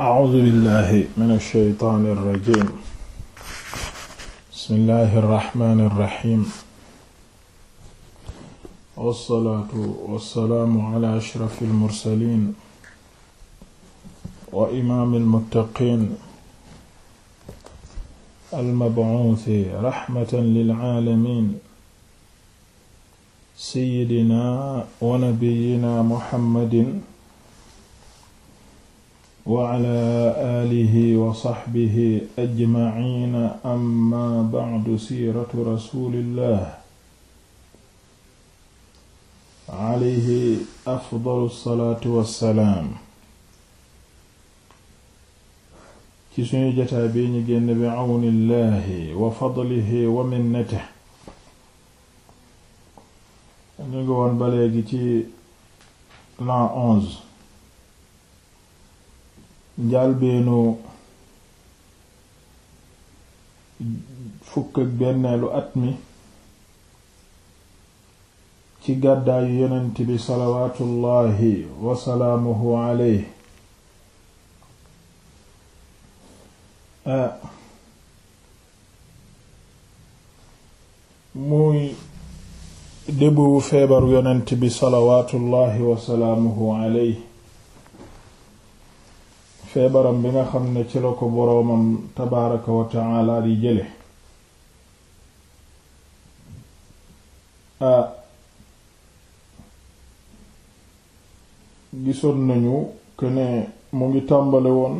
A'uuzu billaahi mina shaytaani rajiim bismillaahi rahmaani rahiim wassalaatu wassalaamu alaa ashrafil mursaliin wa imaamil muttaqiin al-mab'uusi rahmatan lil aalamiin sayyidinaa wa nabiyyinaa Muhammadin wa ala aalihi wa saxbihi ajmaciina amma bacdu siiratu rasuulillah alayhi afdalu salaatu wassalaam ci suñu jataa bi ñu génn bi cawnillahi wa fadlihi wa minnatihi ñu ci l'an onze njalbeenu fukk ak benneelu at mi ci gàddaayu yonent bi salawaatullaahi wasalaamuhu aleyhi muy débuwu feebaru yonent bi salawaatullaahi wasalaamuhu aleyhi feebaram bi nga xam ne ci la ko boroomam tabaaraka wa di jële ah, gisoon nañu ko ne mu ngi tàmbale woon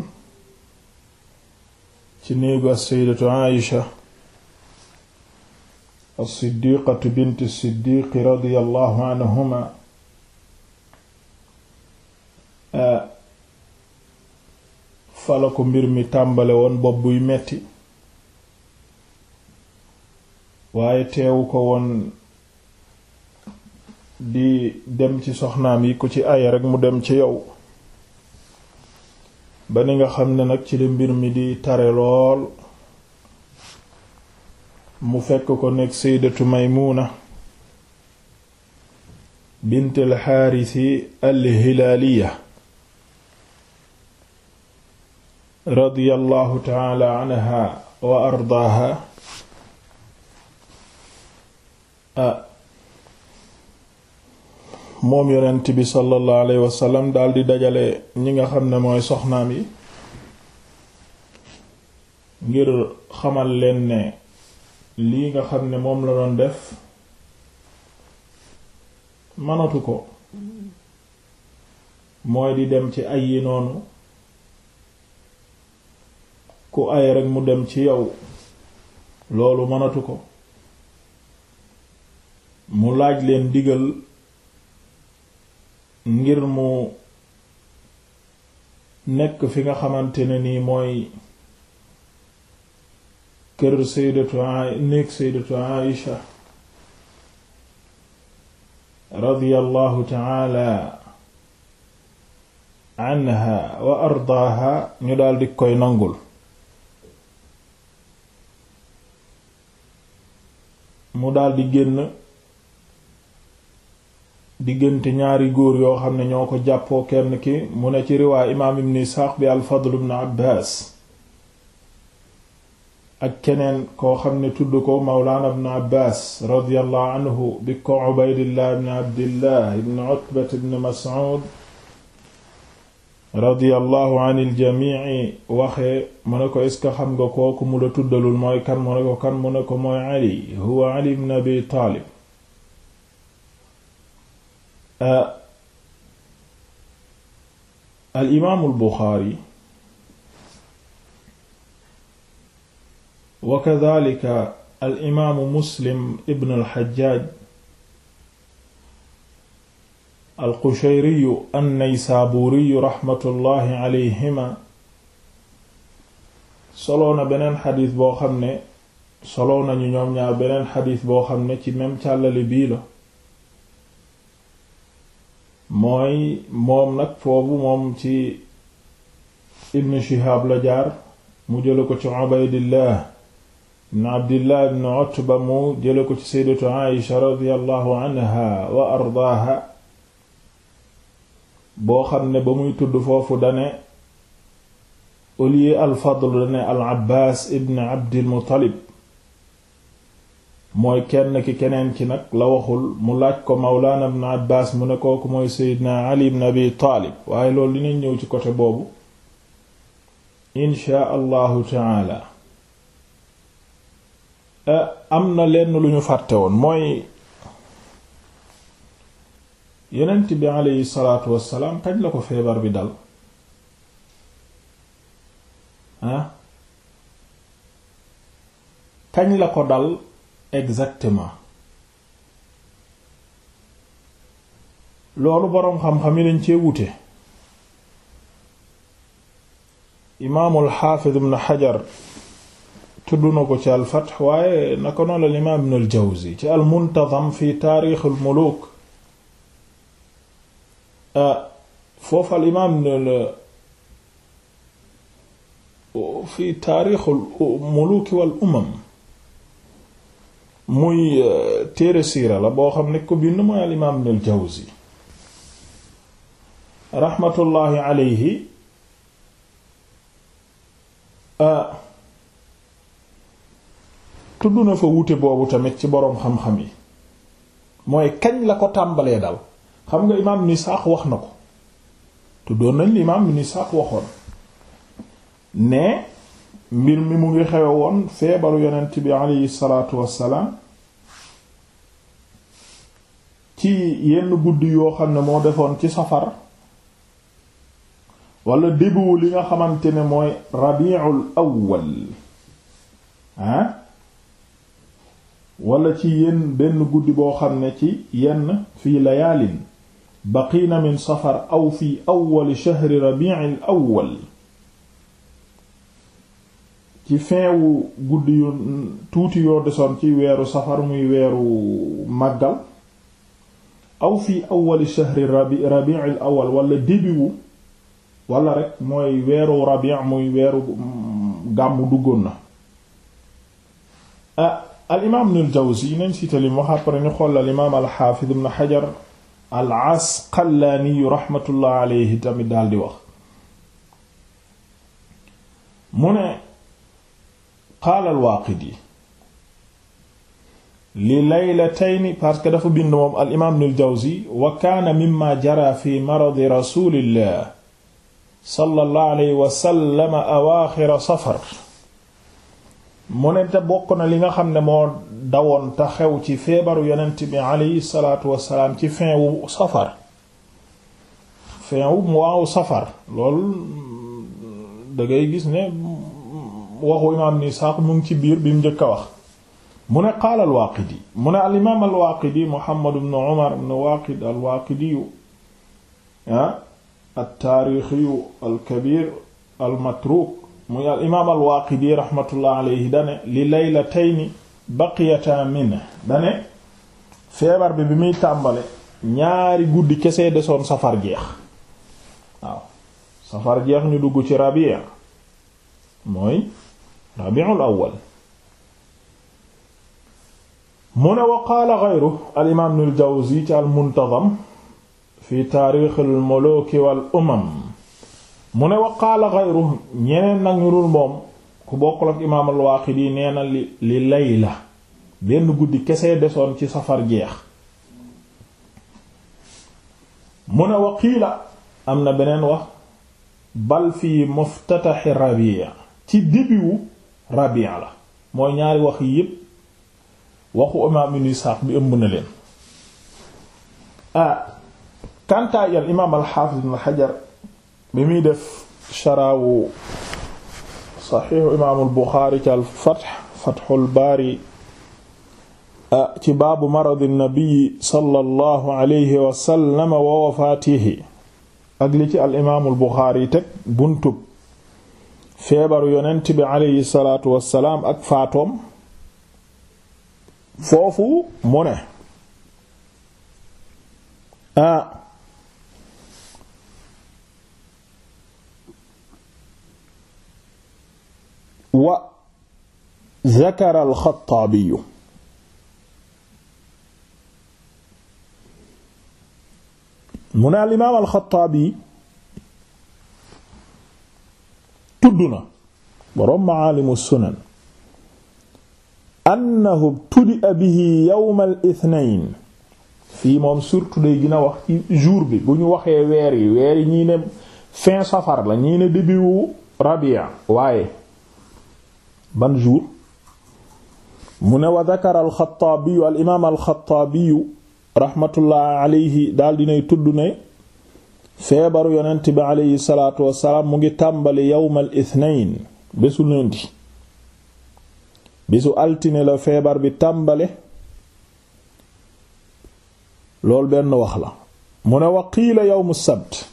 ci néegu as-sayyidatu Aïsha as-siddiqatu bint as anhuma fa ko mbir mi tàmbale woon bopp buy metti waaye teewu ko woon di dem ci soxnaam yi ku ci aya rekk mu dem ci yow ba ni nga xam ne nag ci la mbir mi di tare lool mu fekk ko nekk saydatu Maymuna bint al Xaarisi al Hilaaliya radiyallahu taala anha wa ardaaha moom yonent bi sallallahu alayhi wasallam daldi dajale ñi nga xam ne mooy soxnaam yi ngir xamal leen ne lii nga xam ne moom la doon def manatu ko mooy di dem ci ay yi noonu ku ay rek mu dem ci yow loolu mënatu ko mu laaj leen diggal ngir mu nekk fi nga xamante ne nii mooy kër saydatu nekk saydatu Aïsha radiyallahu ta'ala anha wa ardaaha ñu daldi koy nangul mu daldi génn diggante ñaari góor yoo xam ne ñoo ko jàppoo kenn ki mu ne ci riwaay imaam ibn Isxaaq bi al-Fadl ibn Abbaas ak keneen koo xam ne tudd ko Mawlaana ibn Abbaas radiyallahu anhu bi ko Ubaydillah ibn Abdillah ibn Utba ibn Mas'ud radiyallahu anil jamii waxee mu ne ko est-ce que xam nga kooku mu la tuddalul mooy kan mu ne ko kan mu ne ko mooy Ali huwa Ali ibn Abi Taalib al imaamul Buxaari wa kadhalika al imaamu Muslim ibn al Hajjaaj alqushayriyu annaysaabuuriyu raxmatullahi alayhima soloo na beneen xadis boo xam ne soloo nañu ñoom ñaar beneen xadis boo xam ne ci même càllale bii la mooy moom nag foofu moom ci ibn shihaab la jaar mu jële ko ci ubaydillah ibn abdillah ibn utba mu jële ko ci saydatu aisha anha wa ardaaha boo xam ne ba muy tudd foofu dane au lieu al fadl dane al abbaas ibn abdil muttalib mooy kenn ki keneen ki nag la waxul mu laaj ko mawlaana ibn abbaas mu ne kooku mooy seydina ali ibn abi waaye loolu dinañ ñëw ci côté boobu inchaa allahu taala eh, am na lenn lu ñu fàtte woon mooy yonent bi aleyhi salaatu wassalaam kañ la ko feebar bi dal ah kañ la ko dal exactement loolu boroom xam-xam yi dañ cee wuute imaamul xaafid ibn xajar tudd na ko ci al fath waaye naka noonu la imaam ibn al jawzi ci al muntazam fi taarixul muluk Euh, foofa al imaam fi taarixul muluki wal umam muy euh, téere la boo xam ne ko bind mooy raxmatullaahi alayhi euh, tudd na fa wuute boobu tamit ci boroom xam-xam yi mooy kañ la ko tàmbalee dal xam nga imaam ni Isaaq wax na ko te doon nañ li imaam ibn Isaaq waxoon ne mbir mi mu ngi xewe woon feebaru yonent bi alayhi salaatu wassalaam ci yenn guddi yoo xam ne moo defoon ci safar wala début li nga xamante ne mooy rabiul awwal ah wala ci yenn benn guddi boo xam ne ci yenn fii layaalin baqiina min safar aw fi awwal shahri rabi'il awwal ci fin wu guddi tuuti yoo ci weeru safar muy weeru màggal aw fi awwal shahri rabi rabi'il awwal wala début wu wala rek mooy weeru rabi' muy weeru mm, gàmmu duggoon na ah al imaam Ibnul wax après ñu xool al Hajar al Asqalaani rahmatullah aleyhi tamit daal di wax mu ne qaala al Waaqidi li laylatayni parce que dafa bind moom al imaam Ibnul Jawzi wa kaana mimma jara fi maradi rasulillah sallallahu alayhi wa sallam awaaxira safar mu ne te bokk na li nga xam ne moo dawoon te ci feebaru yonent bi aleyhi salaatu wassalaam ci fin wu safar fin wu mois safar lool mm, da ngay gis ne mm, waxu imaam ni Isaaq mu ngi ci biir bi mu njëkk a wax mu ne qaala al-Waaqidi mu ne al-imaam al-Waaqidi Muhammad Waaqid al-Waaqidi ah at al-kabiir al-matruuk muy al-imaam al-Waaqidi rahmatullah aleyhi dane li laylatayni baqiyata min dane feebar bi bi muy tàmbale ñaari guddi kese desoon safar jeex waaw safar jeex ñu dugg ci rabi' mooy rabi'ul awwal mu ne wa qaala ghayru al imaam ibn al jawzi ci al muntazam fi taarix al muluki wal umam mu ne wa qaala ghayru ñeneen nag ñu moom ku bokkul ak imaam al-Waaqidi nee na li li layla benn guddi kese desoon ci safar jeex mu ne wa am na beneen wax bal fi muftataxi rabi' ci début rabi' la mooy ñaari wax yi yépp waxu imaam ibn Isaaq bi ëmb na leen ah imaam al-Haafiz ibn Hajar bi muy def sharaawu saxiixu imaamul buxaari ci al fatx fatxul ci baabu maradi nabiyi sallallahu alayhi wa wa wafaatihi ak li ci al imaamul buxaari teg buntub feebaru yonent bi alayhi salaatu wa salaam ak faatoom foofu mu wa zakara alxataabiyu mu ne al imaam alxataabi tudd na boroom maalimu sunan annahu btudia bihi yowma al ithnain fii moom surtout day gën a bi bu ñu waxee weer yi weer fin safar la ñii ne début rabi'a waaye ban jour mu ne wa dakara alxataabiyu al imaam alxataabiyu rahmatullah alayhi daal dinay tudd ne feebaru yonent bi alayhi salaatu wassalaam mu ngi tàmbali yowmal ithnain bésu lundi bisu altine la feebar bi tàmbale loolu benn wax la mu ne wa qiila yowmu sabt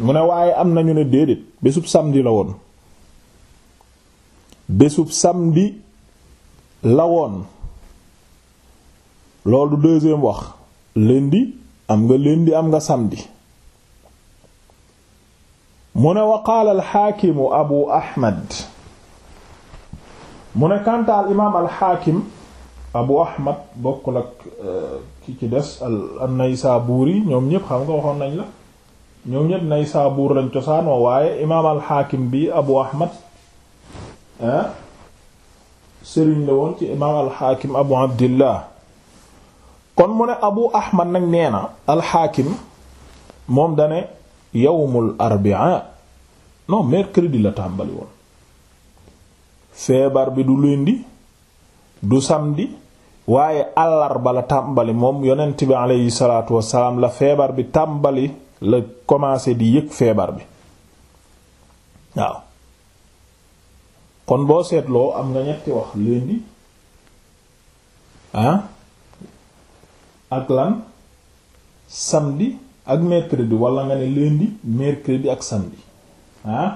mu ne waaye am nañu ne déedéet bésu samedi la woon bésub samedi la woon loolu deuxième wax lundi am nga lundi am nga samedi mu ne wa alxaakimu abu ahmad mu ne kanta al imaam alxaakim abu ahmad bokkul ak euh, ki ci des al naysaabuuri ñoom ñépp xam nga waxoon nañ la ñoom ñépp naysaabuur lañ cosaanoo waaye imaam alxaakim bi abu ahmad sëriñ la woon ci imaam alxaakim abu abdillah kon mu ne abu ahmad nag nee na alxaakim moom dane yowmul arbia non mercredi la tàmbali woon feebar bi du lundi du samedi waaye àllarba la tàmbali moom yonent bi aleyhi salaatu la feebar bi tàmbali la commencé di yëg feebar bi waaw kon boo seetloo am nga ñetti wax lundi ah ak lan samedi ak mercredi wala nga ne lundi mercredi ak samedi ah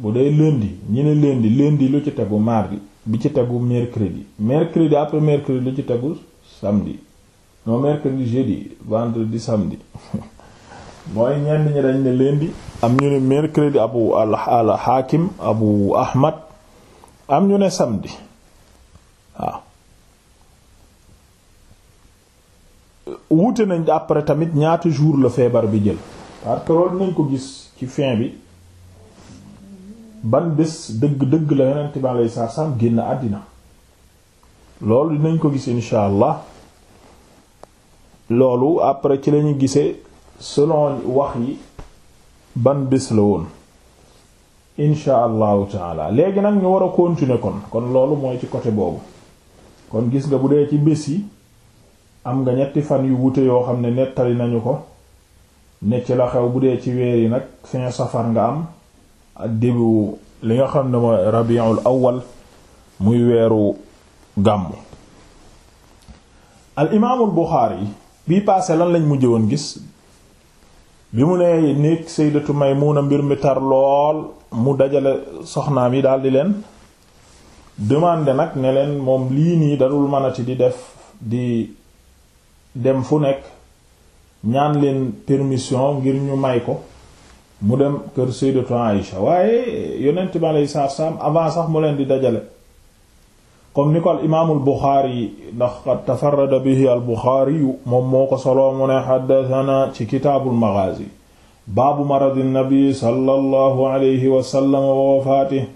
bu dee lundi ñu ne lundi lundi lu ci tegu mardi bi ci tegu mercredi mercredi après mercredi lu ci tegu samedi non mercredi jeudi vendredi samedi mooy ñenn ñi dañ ne lundi am ñu ne mercredi abu al hakim abu ahmad am ñu ne samedi waaw wuute nañ après tamit ñaata jour la feebar bi jël parce que loolu nañ ko gis ci fin bi ban bés dëgg dëgg la yonent bi alayhi salaam génn àddina loolu dinañ ko gis insha allah loolu après ci lañu gisee selon wax yi ban bés la woon insha allahu taala léegi nag ñu war a continuer kon kon loolu mooy ci côté boobu kon gis nga bu dee ci bés yi am nga ñetti fan yu wute yoo xam ne nettali nañu ko ne ci la xew bu dee ci weer yi nag fin safar nga am ak début li nga xam ne mooy rabiul awal muy weeru gàmmu al imaamul buxaari bii paase lan lañ mujjee woon gis bi mu nee néeg sayyidatu na mbir mi tar lool mu dajale soxnaam yi daal di leen demande nag ne leen moom lii nii dadul mënati di def di dem fu nekk ñaan leen permission ngir ñu may ko mu dem kër sayyidatu Aïcha waaye yonent bi alayhi salaam avant sax mu leen di dajale comme ni ko al imaamul Buxaari ndax qad tafarrada bihi al Buxaari moom moo ko soloo mu ne xaddatanaa ci kitaabul maghaazi baabu maradi nabi sallallahu alayhi wa sallam wa wafaatihi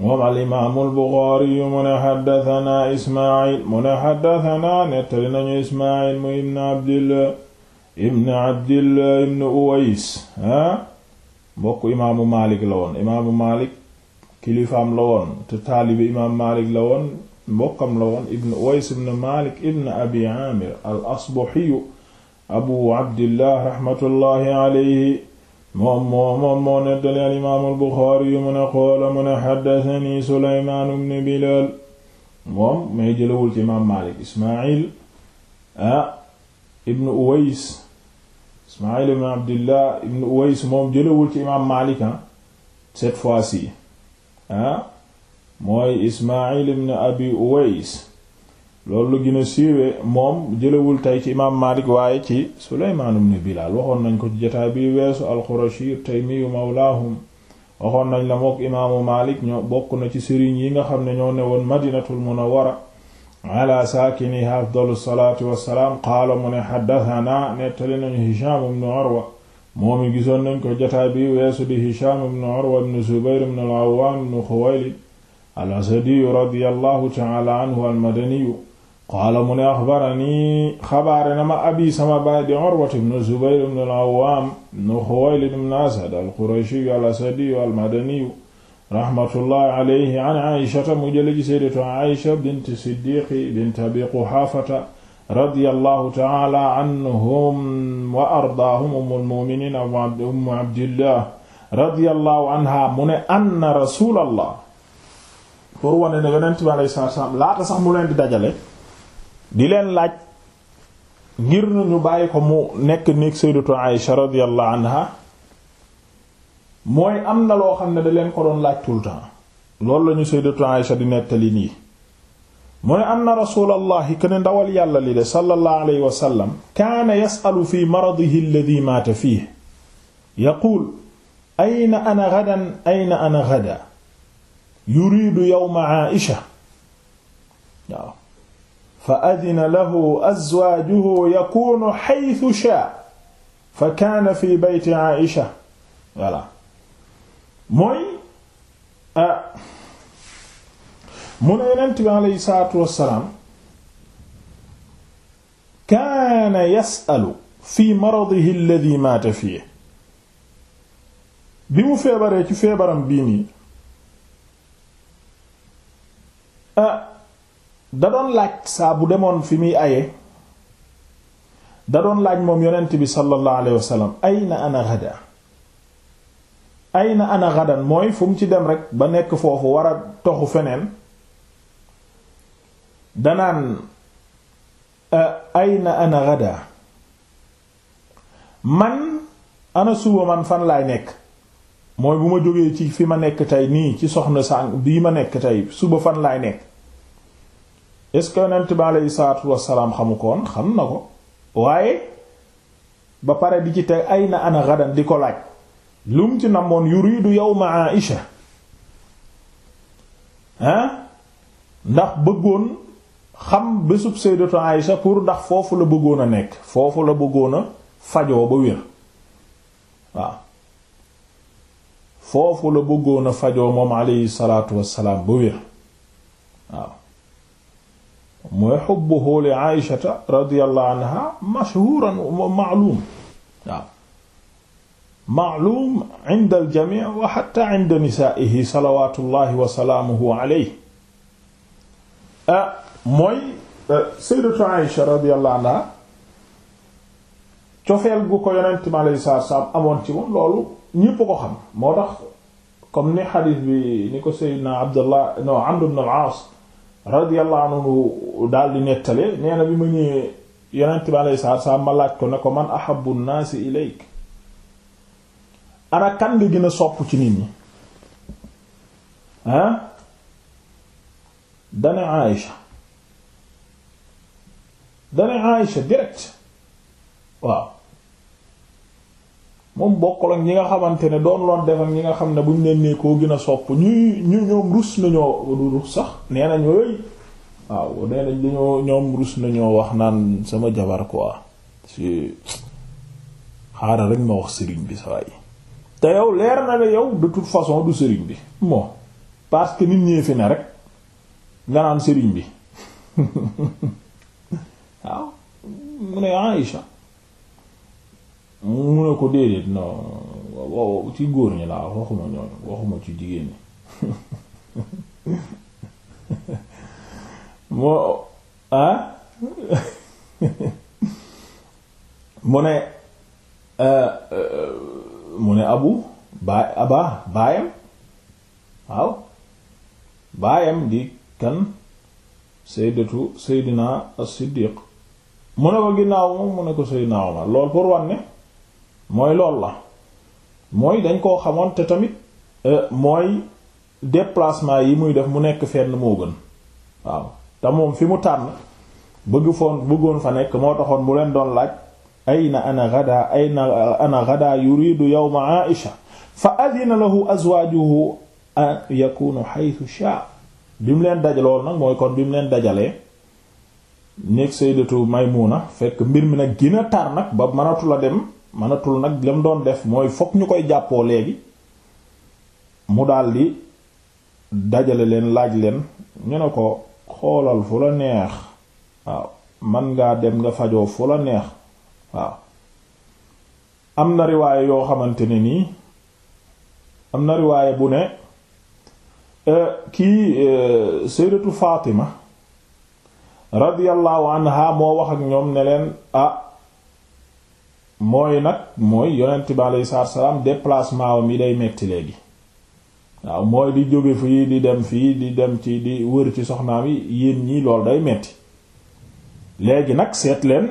moom al imaamul Buxaari mu ne xaddatanaa Ismaayil mu ne xaddatanaa nettali nañu Ismaayil mu ibn Abdillah ibn Abdillah ibn Uways ah mbokk imaamu Maalik la woon imaamu Maalik kilifaam la woon te taalibi imaam Maalik la woon mbokkam la woon ibn Uways ibn Malik ibn Abi Amir al-Asbahi Abu Abdillah rahmatullahi alayhi moom moo moom moo nettali al-Imaam al-Buxaari mu ne qaala mu ne haddathanii Sulaymaan ibn Bilaal moom may jëlawul ci imaam Malik Ismaa'il ah ibn Uways Ismaa'il ibn Abdillah ibn Uways moom jëlawul ci imaam Malik ah cette fois-ci ah mooy ismail ibn abi uwais loolu lu gën moom jëlewul tey ci imaam malik waaye ci suleymaan ibn bilaal waxoon nañ ko ci jotaay bi weesu alxurashi taymiyu mawlaahum waxoon nañ la mook imaamu malik ñoo bokk na ci sëriñ yi nga xam ne ñoo ne woon madinatul munawwara ala saakiniha afdalu salaatu wassalaam qaala mu ne xaddathana nettali nañu hisham ibn urwa moomi gisoon nañ ko jotaay bi weesu di hisham ibn urwa ibn zubayr ibn al-awwam ibn alasadiyu radiyallahu taala anhu almadaniyu qaala mu ne axbarani xabaare na ma abi sama baay di urwat ibn zubayr ibn al-awwaam ibn xuwaylid ibn asad alqurashiyu alasadiyu almadaniyu raxmatullahi alayhi an aishata mu jële ci sayyidatu aisha bint siddiqi bint abi quxaafata radiyallahu taala anhum wa ardaahum ummul mu'miniin ummu abdillah radiyallahu anha mu ne anna rasuulallah pour wane ne yonent bi alayhi salaam laata sax mu leen di dajale di leen laaj ngir ñu bàyyi ko mu nekk néeg sayyidatu Aïsha radiyallahu anha mooy am na loo xam ne da leen ko doon laaj tout le temps loolu la ñu sayyidatu Aïsha di nettali nii mu ne anna rasulallahi ken ndawal yàlla li de sallallahu alayhi wa sallam kaana yasalu fi maradihi alladhi maata fiihi yaquul ayna ana gadan ayna ana gadan yuriidu yawma Aïsha waaw fa adina lahu azwaajuhu yakuunu haythu shaa fa kaana fi bayti Aïsha voilà mooy ah mu ne yonent bi aleyhi salaatu wassalaam kaana yasalu fi maradihi alladhi maata fiihi bi mu feebaree ci feebaram bii nii Euh, da doon laaj saa bu demoon fi muy aye da doon laaj moom yonent bi sallallahu alayhi wasallam ayna ana ghadan na ana ghadan mooy fu ci dem rek ba nekk foofu war a toxu feneen danaan euh, ayna ana ghadan man ana suba man fan laay nekk mooy bu ma jógee ci fi ma nekk tey nii ci soxna sàng bii ma nekk tey suba fan laay nekk est-ce que yonent bi aleyhi salaatu wassalaam xamu ko xam na ko waaye ba pare di ci teg ay na ana gadan di ko laaj lu mu ci namoon yuridu yawma Aïsha ah ndax bëggoon xam bésu bésub sayyidatu Aïsha pour ndax foofu la bëggoon a nekk foofu la bëggoon a fajoo ba wér waaw foofu la bëggoon a fajoo moom aleyhi salaatu wassalaam bu wér waaw mooy xubbuhu li Aysata radiyallahu anha ma'lum ma'lum inda al-jamii wa hatta inda nisaa'ihi salawaatullahi wa salaamuhu alayhi ah, mooy eh, sayyidatu Aysha radiyallahu alayhi salaatu amoon ci loolu ñépp ko xam moo tax comme ni xadis bi ni ko Seydina Abdallah no Amr ibn al-Aas radiyallahu anhu daal di nettale nee bi ma ñëwee yonent bi alayhi salaatu salaam ma laaj ko ne ko man ahabbu naasi ilayk ana kan nga gën ci nit ñi ah dane Aïcha dane Aïcha direct waaw moom bokkul ak ñi nga xamante ne doon loon def ak ñi nga xam ne buñ leen nee koo gën a sopp ñuy ñu ñoom rus nañoo du rus sax nee nañ yooyu waaw nee nañ dañoo ñoom rus nañoo wax naan sama jabar quoi si xaaral rek ma wax sëriñ bi saa te yow leer na ne yow de toute façon du sëriñ bi bon parce que nit ñee fi ne rek nga naan sëriñ bi waaw mu ne Aïcha mu ne ko déedéet non ci góor ñi laa waxuma ci jigéen ñi moo ah mu ne euh, euh, mu ne abu baay aba baayam waaw baayam di kan sayyidatu sayyidina as-siddiq mu ne ko ginnaaw moom mu ne ko sayyidina Umar lool pour wanne mooy lool la mooy dañ koo xamoon te tamit euh, mooy déplacement yi muy def mu nekk fenn moo gën waaw te moom fi mu tànn bëgg foon bëggoon fa nekk moo taxoon mu leen doon laaj ayna ana ghadaa ayna ana ghadaa yuridu yawma Aisha fa adina lahu azwaajuhu an yakunu haythu shaa bi mu leen daj lool nag mooy kon bi mu leen dajalee nekk sayyidatu Maymuna fekk mbir mi nag gën a tar nag ba mënatu la dem mënatul nag lam doon def mooy fokk ñu koy jàppoo léegi mu daldi dajale leen laaj leen ñu ne ko xoolal fu la neex waaw man ngaa dem nga fajoo fu la neex waaw am na riwaaye yoo xamante ne nii am na riwaaye bu ne e, kii e, sayyidatu Fatima radiyallahu anha moo wax ak ñoom ne leen ah mooy nag mooy yonent bi aleyhi salaatu salaam déplacement yi day metti léegi waaw mooy di jóge fii di dem fii di dem ci di wër ci soxnaam yi yéen ñii lool day metti léegi nag seet leen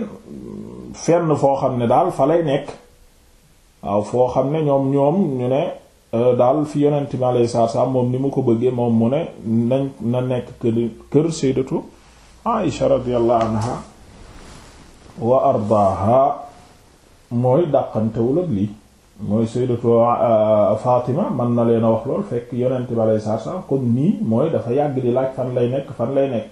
fenn foo xam ne daal fa lay nekk waaw foo xam ne ñoom ñoom ñu ne euh, daal fi yonent bi aleyhi salaatu salaam moom ni mu ko bëggee moom mu ne nañ na nekk kër kër Sayyidatu Aisha radiyallahu anha wa ardaaha mooy dàqantewul ak lii mooy sayyidatu uh, uh, Fatima man na leen a wax lool fekk yonent ba lay saar comme nii mooy dafa yàgg di laaj fan lay nekk fan lay nekk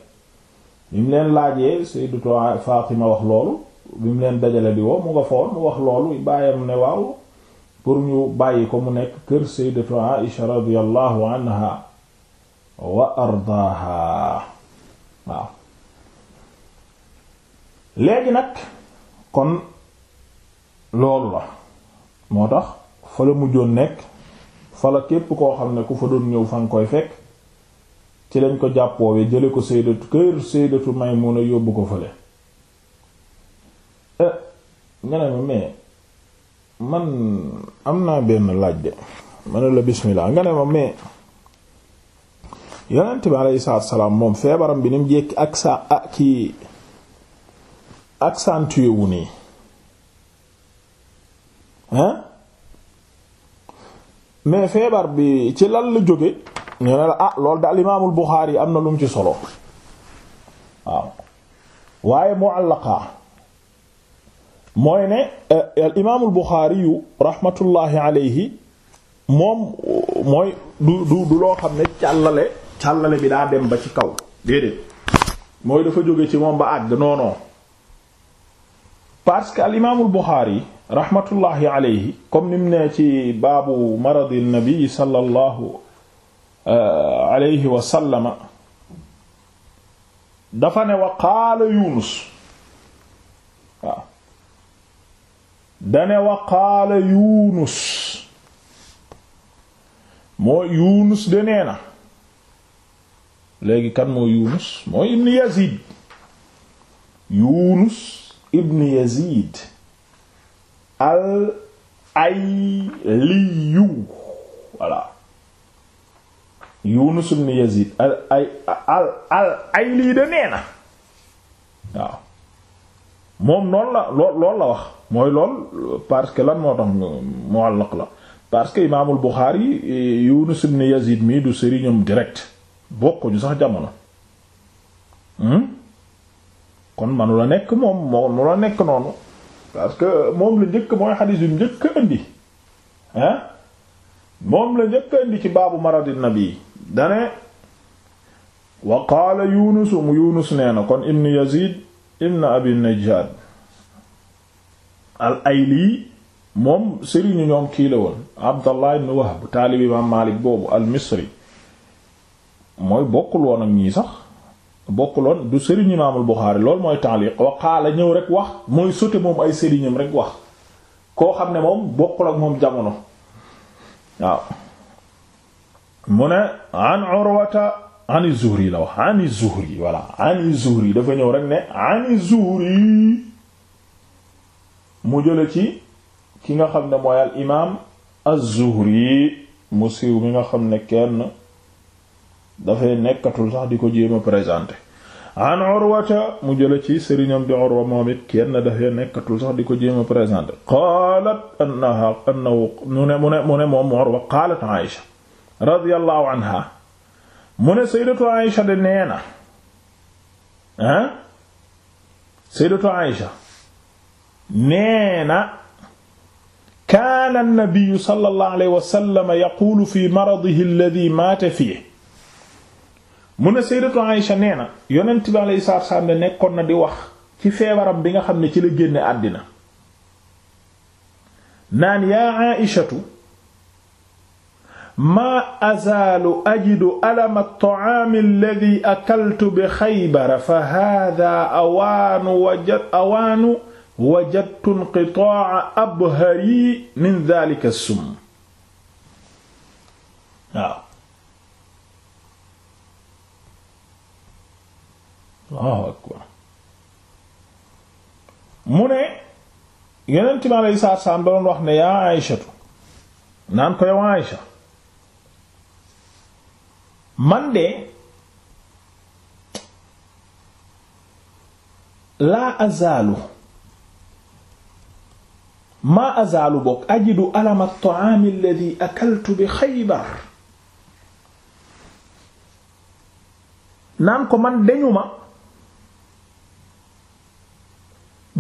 bi mu leen laajee sayyidatu uh, Fatima wax loolu bi mu leen dajale di woo mu nga foon mu wax loolu pour ñu bàyyi ko mu nekk kër sayyidatu Aisha radiyallahu anha wa ardaaha waaw léegi nag kon loolu la moo tax fa la mujjoon nekk fa képp koo xam ne ku fa doon ñëw fa nga koy fekk ci lañ ko jàppoowe jële ko sayyidatu kër sayyidatu Maymuna yóbbu ko fële eh, nga ne ma mais man am naa benn laaj de ma la bismillah nga ne ma mais yonent bi alayhi salaam moom feebaram bi ni mu jekki ak sa ak ki accentué nii hein mais feebar bi ci lal la jóge ñu ne la ah loolu da alimaamul Buxaari am na lu mu ci solo waaw waaye mu'allaqa mooy ne eh, alimaamul Buxaari yu rahmatullahi alayhi moom mooy du du loo xam ne càllale càllale bi daa dem ba ci kaw déedéet mooy dafa jóge ci moom ba àgg non non parce que alimaamul Buxaari rahmatullahi alayhi comme ni ne ci baabu maradi nabi sallallahu uh, alayhi wa sallama dafa ne wa qaala yunus dane wa qaala yunus moo yunus de na léegi kan moo yunus moo ibn yazid yunus ibn yazid al ayliyu voilà Yunus ibn Yazid al ay al al ayli de nee na waaw moom noonu la lool la wax mooy lool parce que lan moo tax muallaq la parce que imaamul Buxaari Yunus ibn Yazid mii du sëriñam direct bokkuñu sax jamono hmm? kon manu la nekk moom moo mu la nekk noonu parce que moom la njëkk mooy xadiis yu njëkk indi moom la jëkk indi ci baabu maradi nabi dane wa qaala yunus mu yunus nee na kon ibn yazid ibn abi najjad al ayli moom sëriñu ñoom kii la woon abdallah ibn wahb taalib imam malik boobu al misri mooy bokkul woon sax bokkuloon du sëriñ imaamul Buxaari loolu mooy ta'liq wa xaala ñëw rek wax mooy sote moom ay sëriñam rek wax koo xam ne moom bokkul ak moom jamono waaw mu ne an Urwata ani Zuhri la wax ani Zuhri voilà ani Zuhri dafa ñëw rek ne ani Zuhri mu jële ci ki nga xam ne mooy al imaam az-Zuhri mu siiw mi nga xam ne kenn dafay nekkatul sax di ko jéem a présenté an urwata mu jële ci sëriñam bi urwa moom it kenn dafay nekkatul sax di ko jéem a présenté qaalat annaha annahu mu ne mu ne mu ne moom urwa qaalat aïsha radiyallahu anha mu ne sayyidatu aïsha de nee na ah sayyidatu aïsha nee na kaana an-nabiyyu sallallahu alayhi wa sallam yaqulu fi maradihi alladhi maata fihi mu ne Sayyidatu Aïsha nee na yonent bi alayhi salaatu salaam ne nekkoon na di wax ci feebaram bi nga xam ne ci la génne àddina naan yaa Aïshatu maa azaalu ajidu alama at-ta'aam alladhi akaltu bi Xaybar fa haadha awaanu wajad awaanu wajadtu inqitaa'a abhari min dhaalika as-sum waaw Allahu akbar mu ne yeneen time alay saar saam doon wax ne yaa Aysatu naan ko yow Aysa man de laa azaalu maa azaalu bokk ajidu alama at-ta'aam alladhi bi Xaybar naan ko man dañu ma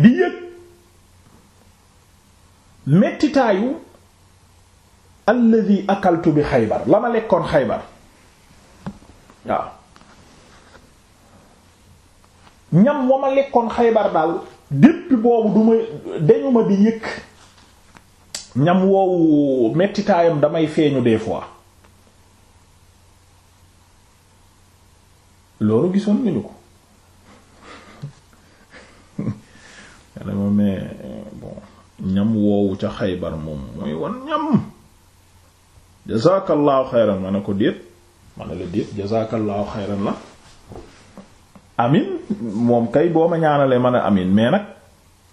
di yëg mettitaayu alladhi akaltu bi xaybar la ma lekkoon xaybar waaw ñam wa ma lekkoon xaybar daal depuis boobu du dañu ma di yëg ñam woowu mettitaayam damay feeñu des fois loolu gisoon nañu ko dama mais bon ñam woowu ca xaybar moom mooy wan ñam jazaakallaahu xayran ma ne ko déet ma ne la déet jazaakallaahu xayran la amin moom kay boo ma ñaanalee man a amin mais nag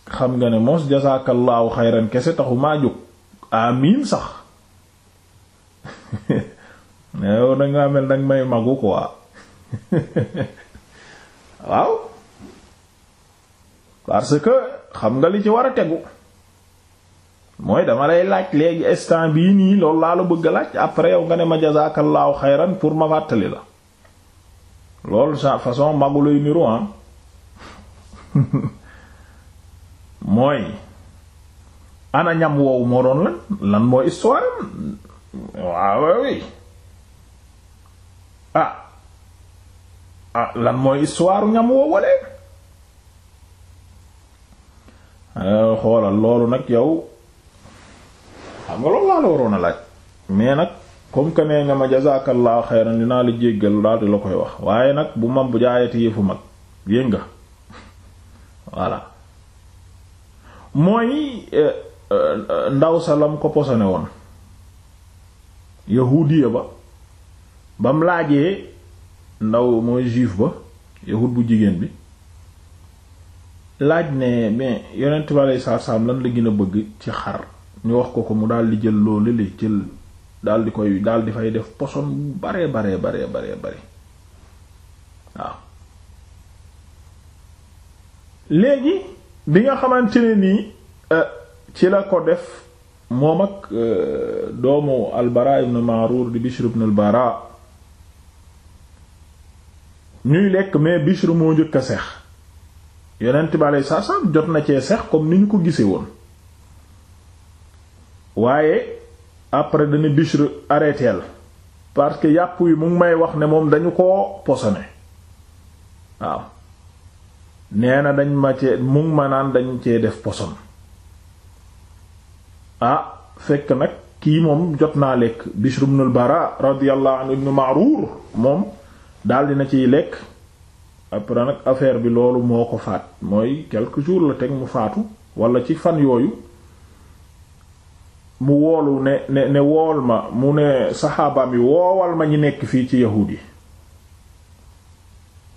xam nga ne moos jazaakallaahu xayran kese taxu maa jóg amin sax mais yow da ngaa danga may magu quoi waaw parce que xam nga li ci war a tegu mooy dama lay laaj léegi instant bii nii loolu laa la bëgg a laaj après yow nga ne ma jazaakallaahu xayran pour ma fàttali la loolu sa façon magu lay niru am ah. mooy ana ñam woowu moo doon lan lan mooy histoire waaw oui ah ah lan mooy histoire ñam woowu wale Euh, xoolal loolu nag yow xam nga loolu laa la waroon a laaj mais nag comme que nee nga ma jazakallah xayran dinaa la jéggal daal di la koy wax waaye nag bu mam bu jaayati yëfu mag yéen nga voilà mooy euh, euh, ndaw salam ko posone woon yahudiya ba bam laajee ndaw mooy juif ba yahud bu jigéen bi laaj ne mais yonent bi aleyhi salaatu salaam lan la gën a bëgg ci xar ñu wax ko ko mu daal di jël loolu li jël daal di koy daal di fay def poson bu baree baree baree baree bare waaw léegi bi nga xamante ne nii euh, ci la ko def moom ak euh, doomu albara ibn maaruur di Bishr ibn albara ñuy lekk mais Bishr moo njëkk a sex yonent bi aleyhi salaatu salaam jot na cee sex comme ni ñu ko gisee woon waaye après dana Bishr arrêté parce que yàpp yi mu ngi may wax ne moom dañu koo posone waaw nee na dañ ma cee mu ngi ma naan dañ cee def poson ah fekk nag kii moom jot naa lekk Bishr ibn al-Bara radiyallahu anhu ibn Ma'rur moom daldi na ciy lekk après nag affaire bi loolu moo ko faat mooy quelques jours la teg mu faatu wala ci fan yooyu mu woolu ne ne ne wool ma mu ne saxaabaam yi woowal ma ñi nekk fii ci yahuud yi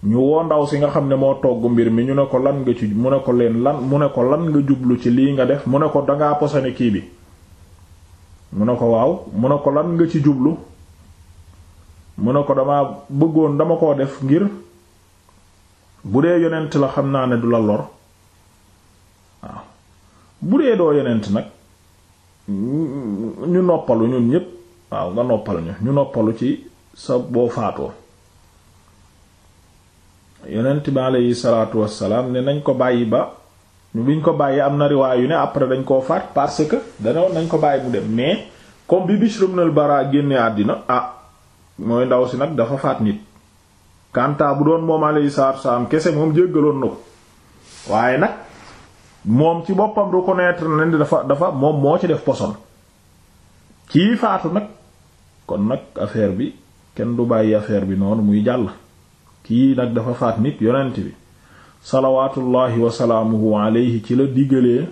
ñu woo ndaw si nga xam ne moo togg mbir mi ñu ne ko lan nga ci mu ne ko leen lan mu ne ko lan nga jublu ci lii nga def mu ne ko dangaa posone kii bi mu ne ko waaw mu ne ko lan nga ci jublu mu ne ko dama bëggoon dama koo def ngir bu dee yonent la xam naa ne du la lor waaw bu dee doo yonent nag ñu noppalu ñun ñépp waaw nga noppal ñu ñu noppalu ci sa boo faatoo yonent bi aleyhi salaatu wassalaam ne nañ ko bàyyi ba ñu biñ ko bàyyi am na riwaay yu ne après dañ koo faat parce que danoon nañ ko bàyyi mu dem mais comme bi Bishr ibn al-Bara génne àddina ah mooy ndaw si nag dafa faat nit kanta bu doon moom alayhi salaatu kese moom jéggaloon na ko waaye nag moom ci boppam reconnaître na ne dafa dafa moom moo ci def poson kii faatu nag kon nag affaire bi kenn du bàyyi affaire bi noonu muy jàll kii nag dafa faat nit yonent bi salawaatullaahi wasalaamuhu alayhi ci la diggalee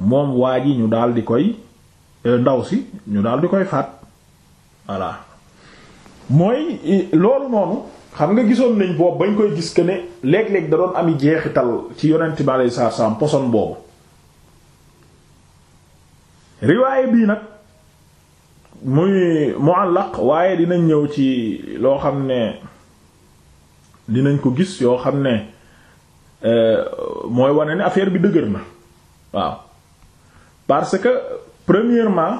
moom waa ji ñu dal di koy eh, ndaw si ñu daal di koy faat voilà mooy loolu noonu xam nga gisoon nañ boobu bañ koy gis que ne léeg-léeg da doon ami jeexital ci yonent bi alayhi salaatu salaam poson boobu riwaaye bii nag muy muallaq waaye dinañ ñëw ci loo xam ne dinañ ko gis yoo xam ne eh, mooy wane ne affaire bi dëgër na waaw parce que premièrement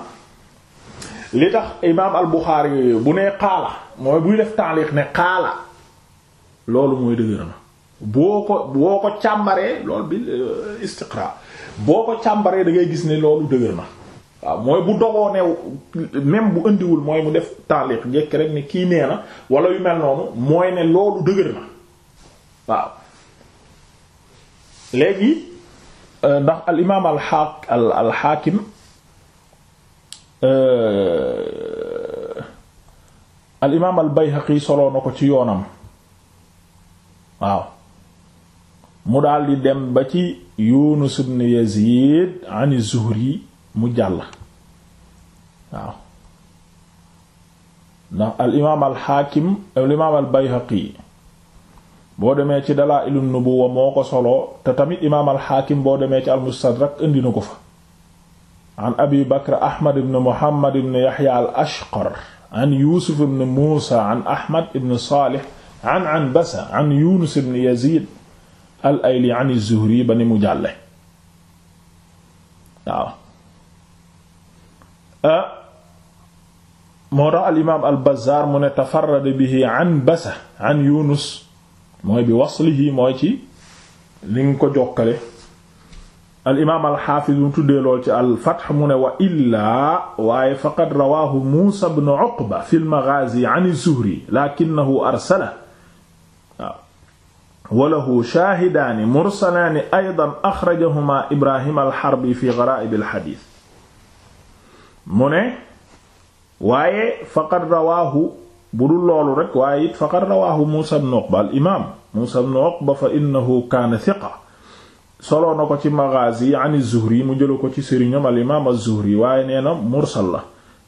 li tax imaam al-Bukhari bu nee xaala mooy buy def taaliq ne xaala loolu mooy dëgër na boo ko boo ko càmbaree loolu bi euh, istiqra boo ko càmbaree da ngay gis ni loolu dëgër na waaw mooy bu dogoo ne même bu indiwul mooy mu def taaliq njëkk rek ni kii nee na wala yu mel noonu mooy ne loolu dëgër na waaw léegi euh, ndax al imaam al xaakim Euh, al imaam al Bayhaqi soloo na ko ci yoonam waaw mu daldi dem ba ci Yunus ibn Yazid an Zuhri mu jàll waaw ndax al imaam al Hakim al imaam al Bayhaqi boo demee ci Dalaa'ilun Nubuwwa moo ko soloo te tamit imaam al Hakim boo demee ci al Mustadrak indi na ko fa an abi bakr ahmad ibn muhammad ibn yahya al ashqar an yusuf ibn musa an ahmad ibn salih an anbasa an yunus ibn yazid al ayli an az-zuhri ba ni mu jàlle waaw ah, moo tax al imaam al bazaar mu ne tafarrada bihi an basa an yunus mooy bi waslihi mooy ci li nga ko jokkale al imaam al xaafiz mu tuddee lool ci al fath mu ne wa illaa waaye faqad rawaahu Muusa ibn Uqba fi al maghaazi an Zuhri lakinnahu arsalahu waaw wa lahu shaahidaani mursalaani aydan axrajahumaa Ibraahiim al Harbi fi garaa'ib al hadiis mu ne waaye faqad rawaahu bu dul loolu rek waaye it faqad rawaahu Muusa ibn Uqba al imaam Muusa ibn Uqba fa innahu kaana thiqa soloo na ko ci maghazi ani zuhri mu jële ko ci sëriñam al imaam az-zuhri waaye nee na mursal la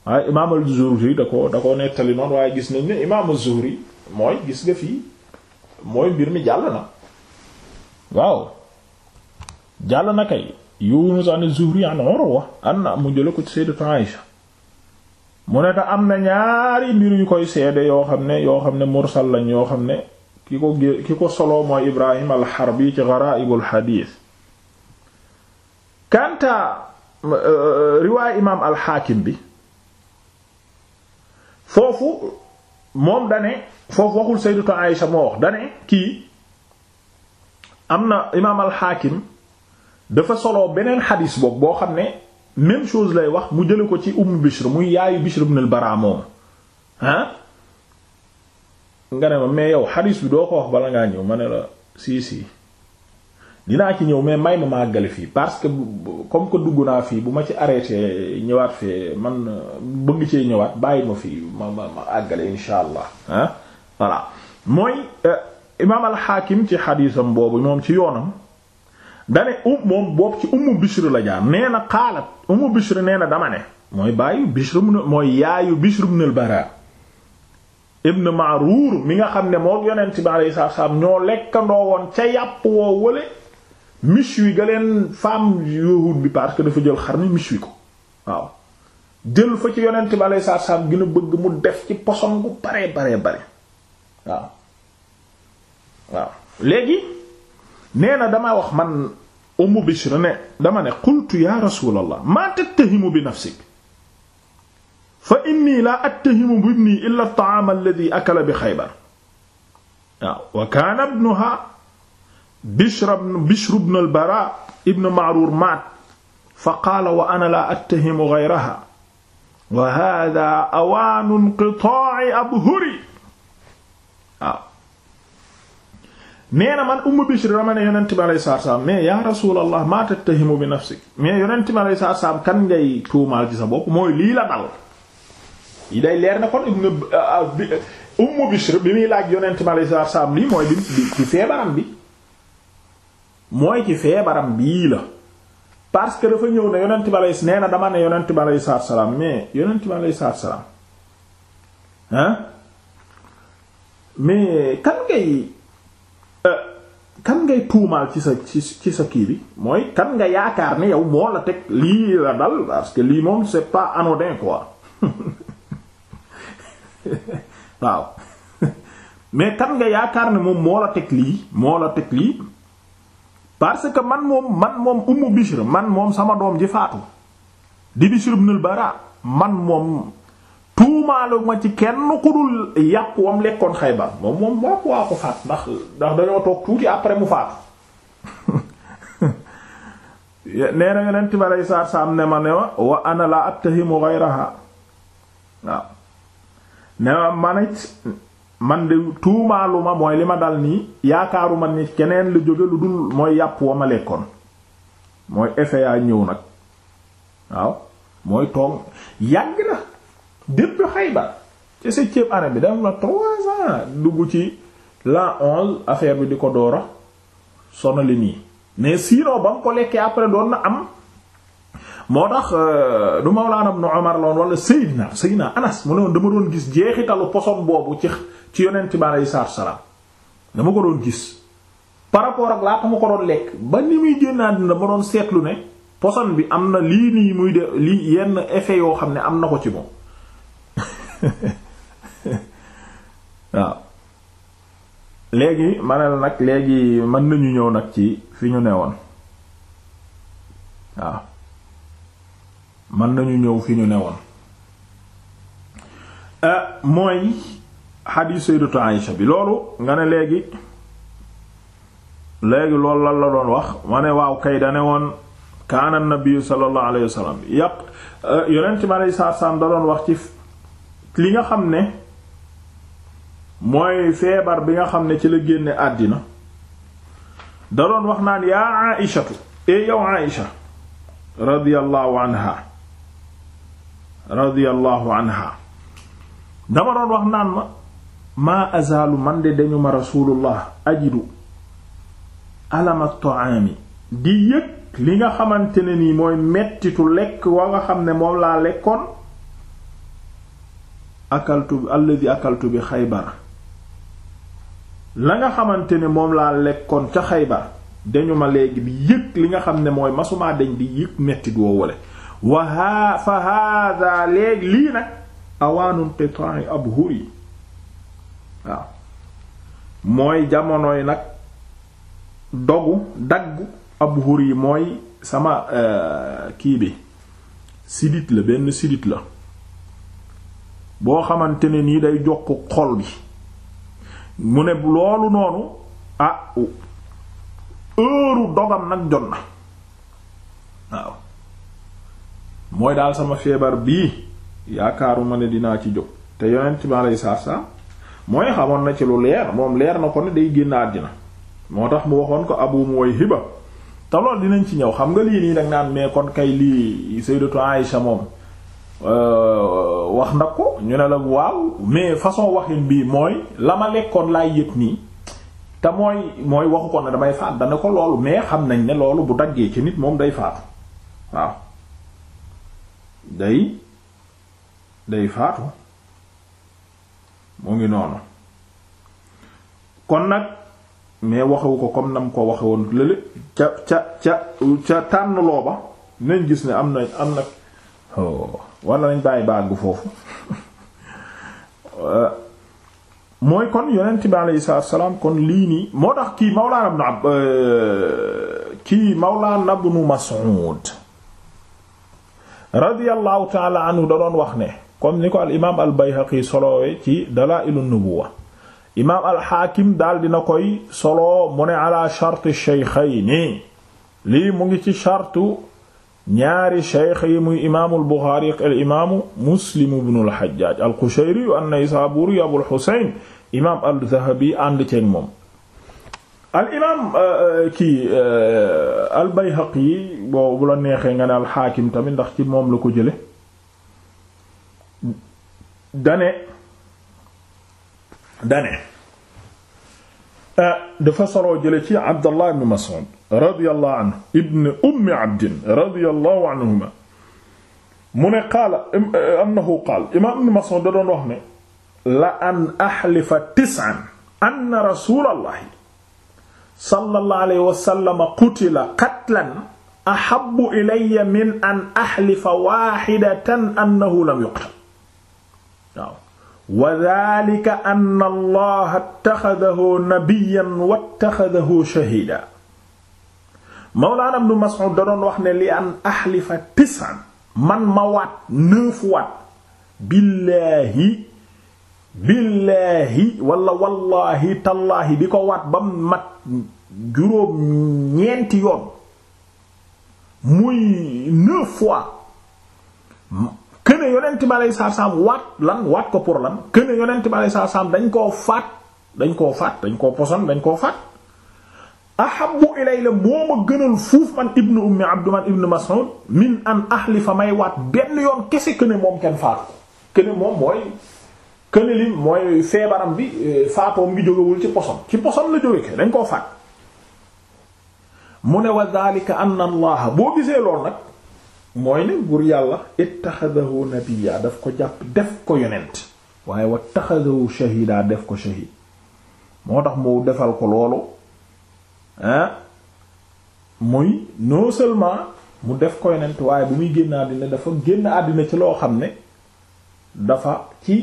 waaye imaam az-zuhri da ko da ko nettali gis nañ ne imaam az-zuhri mooy gis nga fii mooy mbir mi jàll na waaw jàll na kay yunus an zuhri an urwa anna mu jëla ko ci sayyidatu aisha mu ne ta am na ñaari mbir yu koy seede yoo xam ne yoo xam ne mursal lañ yoo xam ne ki ko ki ko soloo mooy ibrahim al-harbi ci gharaibul hadith kanta euh, euh, riwaay imaam alxaakim bi foofu moom dane foofu waxul sayyidatu Aisha moo wax dane kii am na imaam alxaakim dafa solo beneen xadiis boobu boo xam ne même chose lay wax mu jële ko ci Umm Bishr muy yaayu Bishr ibn al-Bara moomu nga ne ma mais yow xadiis bi doo ko wax bala ngaa ñëw ma ne la sii sii dinaa ci ñëw mais may ma ma àggale fii parce que comme ko dugg naa fii bu ma ci arrêté ñëwaat fee man bëgg cee ñëwaat bàyyi ma fii ma ma ma àggale insha allah ah voilà mooy euh, imaam alxaakim ci xadiisam boobu moom ci yoonam dane um moom boobu ci ummu Bishr la jaar nee na xaalat ummu Bishr nee na dama ne mooy bàyyu Bishr mooy yaayu Bishr ibn al-Bara ibn Ma'rur mi nga xam ne moo yonent bi alayhi salaam ñoo lekkandoo woon ca yàpp woo wële mich wi ga leen femme yahud bi parce que dafa jël xar mi mich ko waaw jël fa ci yonent bi aleyhi salaatu salaam gën a bëgg mu def ci poson gu bare bare bare waaw léegi nee na dama wax man Ummu Bishr ne dama ne qultu ya rasulallah ma tattahimu bi nafsik fa inni la attahimu bi ibni illa at-ta'am alladhi akala bi Khaybar waaw wa kana ibnuha Bishr ibn Bishr ibn al-Bara ibn Ma'rur maat fa qaala wa ana laa attahimu ghayraha wa haadaa awaanu inqitaa'i abhuri waaw nee na man Umm Bishr dama ne yonent bi alayhi salaatu salaam mais yaa Rasuulallah maa tattahimu bi nafsik mais yonent bi alayhi salaatu salaam kan ngay tuumaal ci sa bopp mooy lii la dal yi day leer na kon Umm Bishr bi muy laaj yonent bi alayhi salaatu salaam lii mooy bi ci feebaram bi mooy ci feebaram bii la parce que dafa ñëw ne yonent bi aleyhi nee na dama ne yonent bi salaam mais yonent bi aleyhi salaatu salaam ah mais kan ngay euh, kan ngay tuumaal ci sa ci ci sa kii bi mooy kan nga yaakaar ni yow moo la teg lii la dal parce que lii moom c'est pas anodin quoi waaw mais kan nga yaakaar ne moom moo la teg lii moo la teg lii. parce que man moom man moom ummu Bishr man moom sama doom ji faatu di Bishr ibn al-Bara man moom tuumaalu ma ci kenn ku dul yàpp wam lekkoon Xaybar moom moom waa waa ko faat ndax ndax dañoo toog tuuti après mu faatu nee na yonent bi aleyhi salaatu salaam ne ma ne ma wa ana la attahimu ghayraha waaw ne ma manit man de ma mooy li ma dal nii yaakaaruma ni keneen la jóge lu dul mooy yàpp wa ma lekkoon mooy effet yaa ñëw nag waaw mooy toog yàgg na depuis Xaybar ci septième année bi def na trois dugg ci l'an onze affaire bi di ko doora sonali nii mais sinon ba nga ko lekkee après doon na am moo tax euh, du Mawlaana Ibn Umar loon wala Seydina Seydina Anas mu ne woon dama doon gis jeexitalu poson boobu ci ci yonent bi aleyhi salaatu salaam dama ko doon gis par rapport ak laata ma ko doon lekk ba ni muy génnaa dina ma doon seetlu ne poson bi am na lii nii muy de lii yenn effet yoo xam ne am na ko ci moom waaw léegi ma la nag léegi mën nañu ñëw nag ci fi ñu ne woon waaw mën nañu ñëw fi ñu newoon euh, mooy xadiis sayyidatu Aïsha bi loolu nga ne léegi léegi loolu lan la doon wax ma ne waaw kay da woon kaana nabi sallallahu alayhi wasallam yàq euh, yonent mi alayhi da doon wax ci li nga xam ne mooy feebar bi nga xam ne ci la génne àddina da doon wax naan yaa Aïshatu e eh yow Aïsha radiyallahu anha radiyallahu anha dama doon wax naan ma maa azaalu man de dañu ma rasulullah ajidu alama taami di yëg li nga xamante ne nii mooy mettitu lekk wa nga xam ne moom laa lekkoon akaltu alladi akaltu bi xaybar la nga xamante ne moom laa lekkoon ca xaybar dañu ma léegi di yëg li nga xam ne mooy masumaa deñ di yëg mettit woo wa fa haadaa léegi lii nag awaanu inqitaa'i abhuri waaw mooy jamonoy nag dogu daggu yi mooy sama euh, kii bi sidit la benn sidit la boo xamante ne nii day jox ko xol bi mu ne loolu noonu ah heure dogam nag jot na waaw mooy daal sama feebar bii yaakaaruma ne dinaa ci jóg te yonent bi alayhi salaatu salaam mooy xamoon na ci lu leer moom leer na ko ne day génn àddina moo tax mu waxoon ko Abu Muwayhiba te lool dinañ ci ñëw xam nga lii nii dag naan mais kon kay lii Sayyidatu Aïsha moom euh, wax na ko ñu ne la waaw mais façon waxin bii mooy la ma lekkoon laay yëg nii te mooy mooy waxu ko ne damay faat dana ko loolu mais xam nañ ne loolu bu daggee ci nit moom day faatu waaw day day faatu mu ngi noonu kon nag mais waxewu ko comme nam ko waxe woon lële ca ca ca ca tànn looba nañ gis ne am na am na oh, wala nañ bàyyi bàggu foofu euh, mooy kon yonent bi aleyhi salaatu salaam kon lii nii moo tax kii mawlaa ibnu ab euh, kii mawlaana ibnu radiyallahu taala anhu da wax ne comme ni ko al imaam al bayhaqi solowee ci dalaa'ilun nubuwa imaam al xaakim daal koy solo mu ne ala sharti sheykhayni lii mu ngi ci shartu ñaari sheykh yi muy imaamul buxaari al imaamu muslim ibnul xajjaaj al qushayri an-naysaburi abul xuseyn imaam al dhahabi ànd ceeg moom al imaam euh, euh, kii euh, al Bayhaqi boobu bu la neexee nga ne al xaakim tamit ndax ci moom la ko jële dane dane dafa soloo jële ci Abdallah ibn Mas'ud radiyallahu anhu ibn ummi abdin radiyallahu anhuma mu ne qaala annahu qaal imaam ibn Mas'ud da doon wax ne la an axlifa tis'an anna rasulallahi sallallahu alayhi wa sallam qutila qatlan ahabbu ilayya min an ahlifa waahidatan annahu lam yuqtal waaw wa dhaalika anna allaha ittakhadahu nabiyyan wattakhadahu shahiida Mawlaana Ibnu Mas'ud da doon wax ne li an ahlifa tis'an man ma waat neuf waat billaahi billaahi wala wallaahi tallaahi di ko waat ba mat juróom ñeenti yoon muy neuf fois këne yonent bi aleyhi salaatu salaam waat lan waat ko pour lan këne yonent bi aleyhi salaatu dañ koo faat dañ koo faat dañ koo poson dañ koo faat ahabbu ilayya moo ma gënal fuuf man ibnu ummi abdu man ibnu mas'ud min an ahlifa may waat benn yoon kese këne moom kenn faatu këne moom mooy këne li mooy feebaram bi euh, faatoom bi jógewul ci posom ci posom la jóge ke dañ koo faat mu ne wa dhalika anna allaha boo gisee lool nag mooy ne buur yàlla ittaxadahu nabiyya daf ko jàpp def ko yonent waaye wa taxadahu shahida def ko shahid moo tax mu defal ko loolu ah muy non seulement mu def ko yonent waaye bu muy génn àddina dafa génn àddina ci loo xam ne dafa ci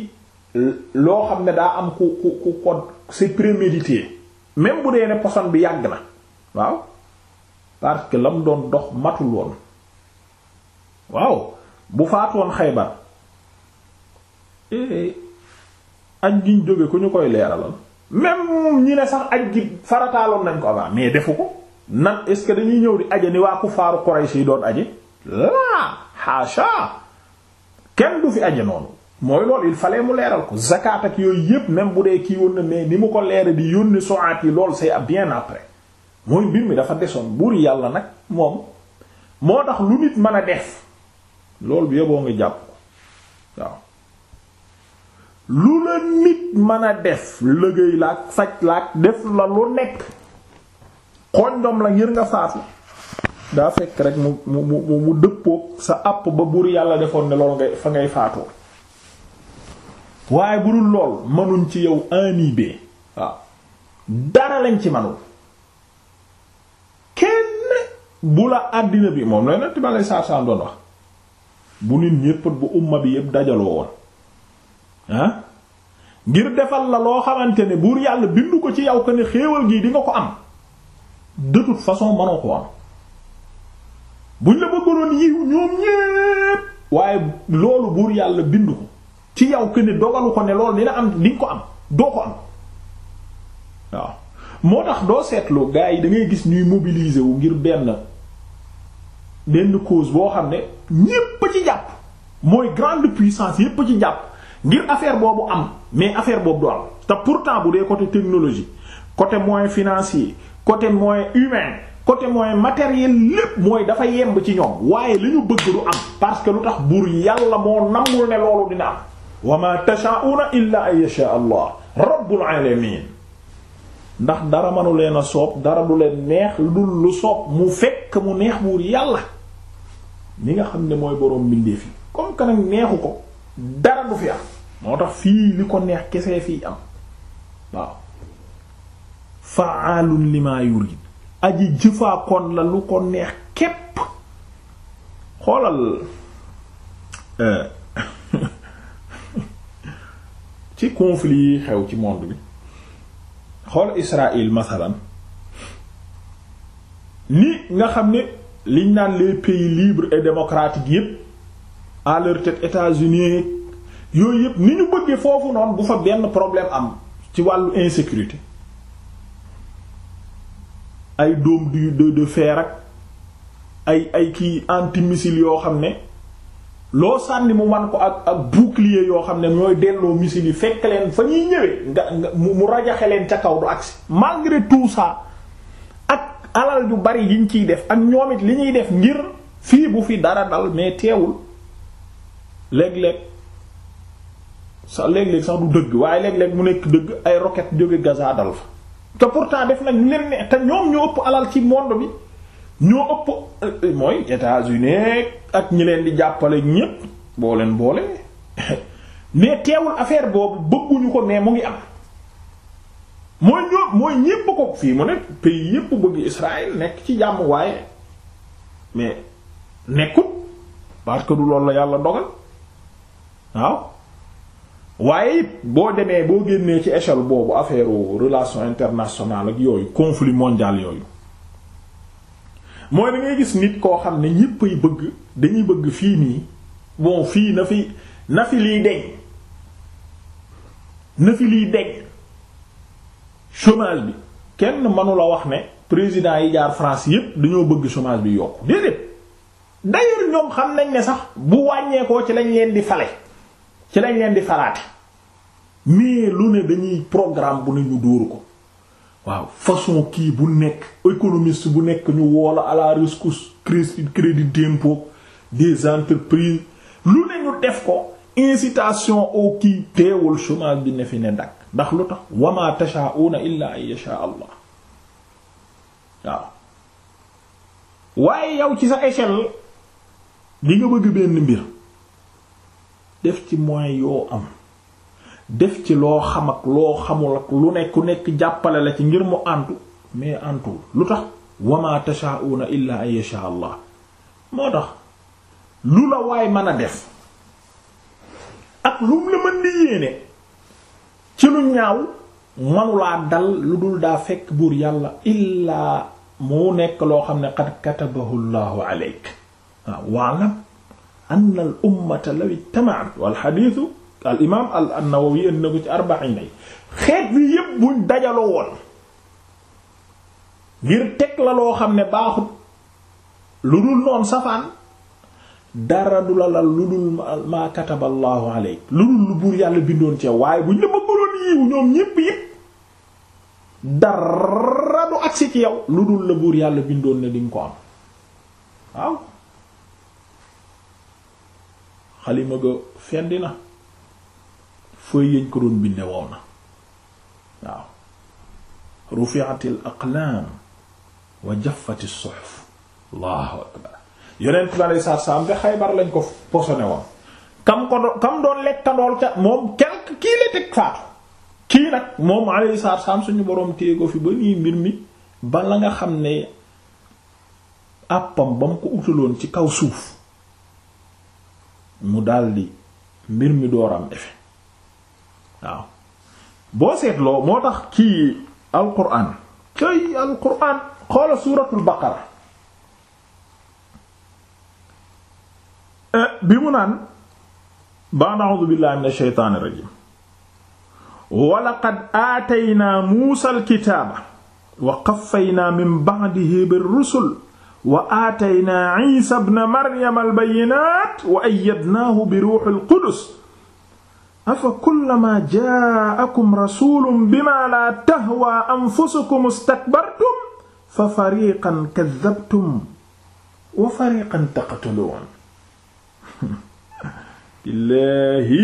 loo xam ne daa am ku ku ku ko c'est prémédité même bu dee ne poson bi yàgg na waaw parce que la mu doon dox matul woon waaw bu faatoon Xaybar eh, aj giñ jóge ku ñu koy leeralal même ñi ne sax aj gi farataaloon nañ ko avant mais defu ko nan est-ce que dañuy ñëw di aje ni waa ku faaru Quraysh yi doon aje laa xaasha kenn du fi aje noonu mooy loolu il fallait mu leeral ko zakat ak yooyu yépp même bu dee kii woon na mais ni mu ko leeral di yónni soaat yi loolu c'est bien après mooy mbir mi dafa desoon buur yàlla nag moom moo tax lu nit mën a def loolu bi yoboo nga jàpp ko waaw lu la nit mën a def liggéey laak faj laak def la lu nekk xonjom la ngir nga faatu daa fekk rek mu mu mu mu dëppook sa àpp ba buur yàlla defoon ne loolu ngay fa ngay faatoo waaye bu dul lool mënuñ ci yow anibee waaw dara lañ ci manul kenn bu la àddina bi moom la nag ti ma lay saar saam doon bu nit ñépp bu umma bi yépp dajaloo woon ah? ngir defal la loo xamante ne buur yàlla bindu ko ci yow ko ne xéewal gii di ko am de façon manoo ko am buñ la bëggoon yiw ñoom ñépp waaye loolu buur yàlla bindu ko ci yow que ne dogalu ko ne loolu dina am di ko am doo ko am waaw moo tax doo seetlu gars yi da ngay gis ñuy mobiliser wu ngir benn benn cause boo xam ne ñépp ci jàpp mooy grande puissance yépp ci jàpp ngir affaire boobu am mais affaire boobu du am te pourtant bu dee côté technologie côté moyen financier côté moyen humain côté moyen matériel lépp mooy dafa yemb ci ñoom waaye li bëgg du am parce que lu tax buur yàlla moo nammul ne loolu dina am wa ma tashaauna illa an ndax dara manu leen a soob dara leen neex lu dul lu mu fekk mu neex buur yàlla mi nga xam ne mooy boroom mbindeef yi comme que neexu ko dara fi moo tax fii li ko neex kese fii am waaw fa'aalun lima yurid jëfaakoon la lu ko neex képp xoolal euh, ci conflit yi xew ci monde bi xool Israël masalan ni nga xam ne liñ naan les pays libres et démocratiques yépp à leur unis yooyu yépp ni ñu bëggee foofu noonu bu fa benn problème am ci wàllu insécurité ay dôme de de fer ak ay ay kii antimissile yoo xam ne loo sànni mu man ko ak ak bouclier yoo xam ne ñooy delloo missile yi fekk leen fa ñuy ñëwee nga mu rajaxe leen ca kaw du agsi malgré tout ça ak alal yu bari yi ñu ciy def ak ñoom li ñuy def ngir fii bu fi dara dal mais teewul léeg-léeg sa léeg-léeg sax du dëgg waaye léeg-léeg mu nekk dëgg ay roquettes jóge Gaza dal fa te pourtant def nañ ñu leen ne te ñoom ñoo ëpp alal ci monde bi ñoo ëpp euh, mooy États-Unis ak ñi leen di jàppale ñépp boo leen boole mais teewul affaire boobu bëgguñu ko ne mu ngi am mooy ñoo mooy ñépp ko fii mu ne pays yëpp bëgg Israël nekk ci jàmm waaye mais nekkut parce que du la yàlla dogal waaw waaye boo demee boo génnee ci échelle boobu affaire relation internationale ak yooyu conflit mondial yooyu mooy da gis nit koo xam ne ñépp ay bëgg dañuy bëgg fii nii bon fii na fi na fi liy deñ na fi liy deñ chômage bi kenn mënula wax ne président yi jaar France yépp dañoo bëgg chômage bi yokk déedéet d'ailleurs ñoom xam nañ ne sax bu wàññeekoo ci lañ leen di fale ci lañ leen di falaate mais lu ne dañuy programme bu ne ñu dóoru ko waaw façon kii bu nekk économiste bu nekk ñu woola à la rescousse crédit d'impôt des entreprises lu ne ñu def ko incitation au kii teewul chômage bi ne fi ne dakk ndax lu tax wama tashaauna illa an yasha allah waaw waaye yow ci sa échelle li nga bëgg benn mbir def ci moyens yoo am def ci loo xam ak loo xamul ak lu nekk ku nekk jàppale la ci ngir mu àntu mais àntuwul lu tax wama tashaauna illa an yasha allah moo tax lu la waay mën a def ak lum la mën lu dul daa fekk buur yàlla illaa mu nekk loo xam ne qad katabahu llahu aleyk waaw waalam anna al ummata law ijtama'at wal hadith al imaam al an-Nawawi indi na ko ci arba'iin yi xeet bi yépp buñ dajaloo woon ngir teg la loo xam ne baaxut lu dul noon safaan dara du la la lu dul maa kataballaahu aleyk lu dul lu buur yàlla bindoon ci waaye bu la bëggaloon yiiw ñoom ñépp yépp dara du agsi ci yow lu dul la buur yàlla bindoon ne dinga ko am waaw xalima go fendi na feuille yañ ko doon binde na waaw rufi'atil aqlaam wa jaffati suhuf allahu akbar yonent bi alei satu salaam te xaybar lañ ko posone kam ko doon kam doon lekkandool ca moom quelque kii la faatu kii nag moom alei satu salaam suñu boroom téye ko fi ba nii mbir mi ba nga xam ne àppam ba mu ko utaloon ci kaw suuf mu daldi mbir mi dooram effet waaw boo seetloo moo tax kii alquran kay alquran xoola suuratul baqara eh, bi mu naan ba'da a'uuzu billahi minash shaytaanir rajiim wa laqad aataynaa muusaa alkitaaba wa qaffaynaa min ba'dihi bir-rusul wa aataynaa iisaa ibna maryama albayyinaat wa ayyadnaahu bi ruuhil qudus afa kullamaa jaa'akum rasuulun bimaa laa tahwaa anfusukum istakbartum fa fariiqan kazzabtum wa fariiqan taqtuluun illaahi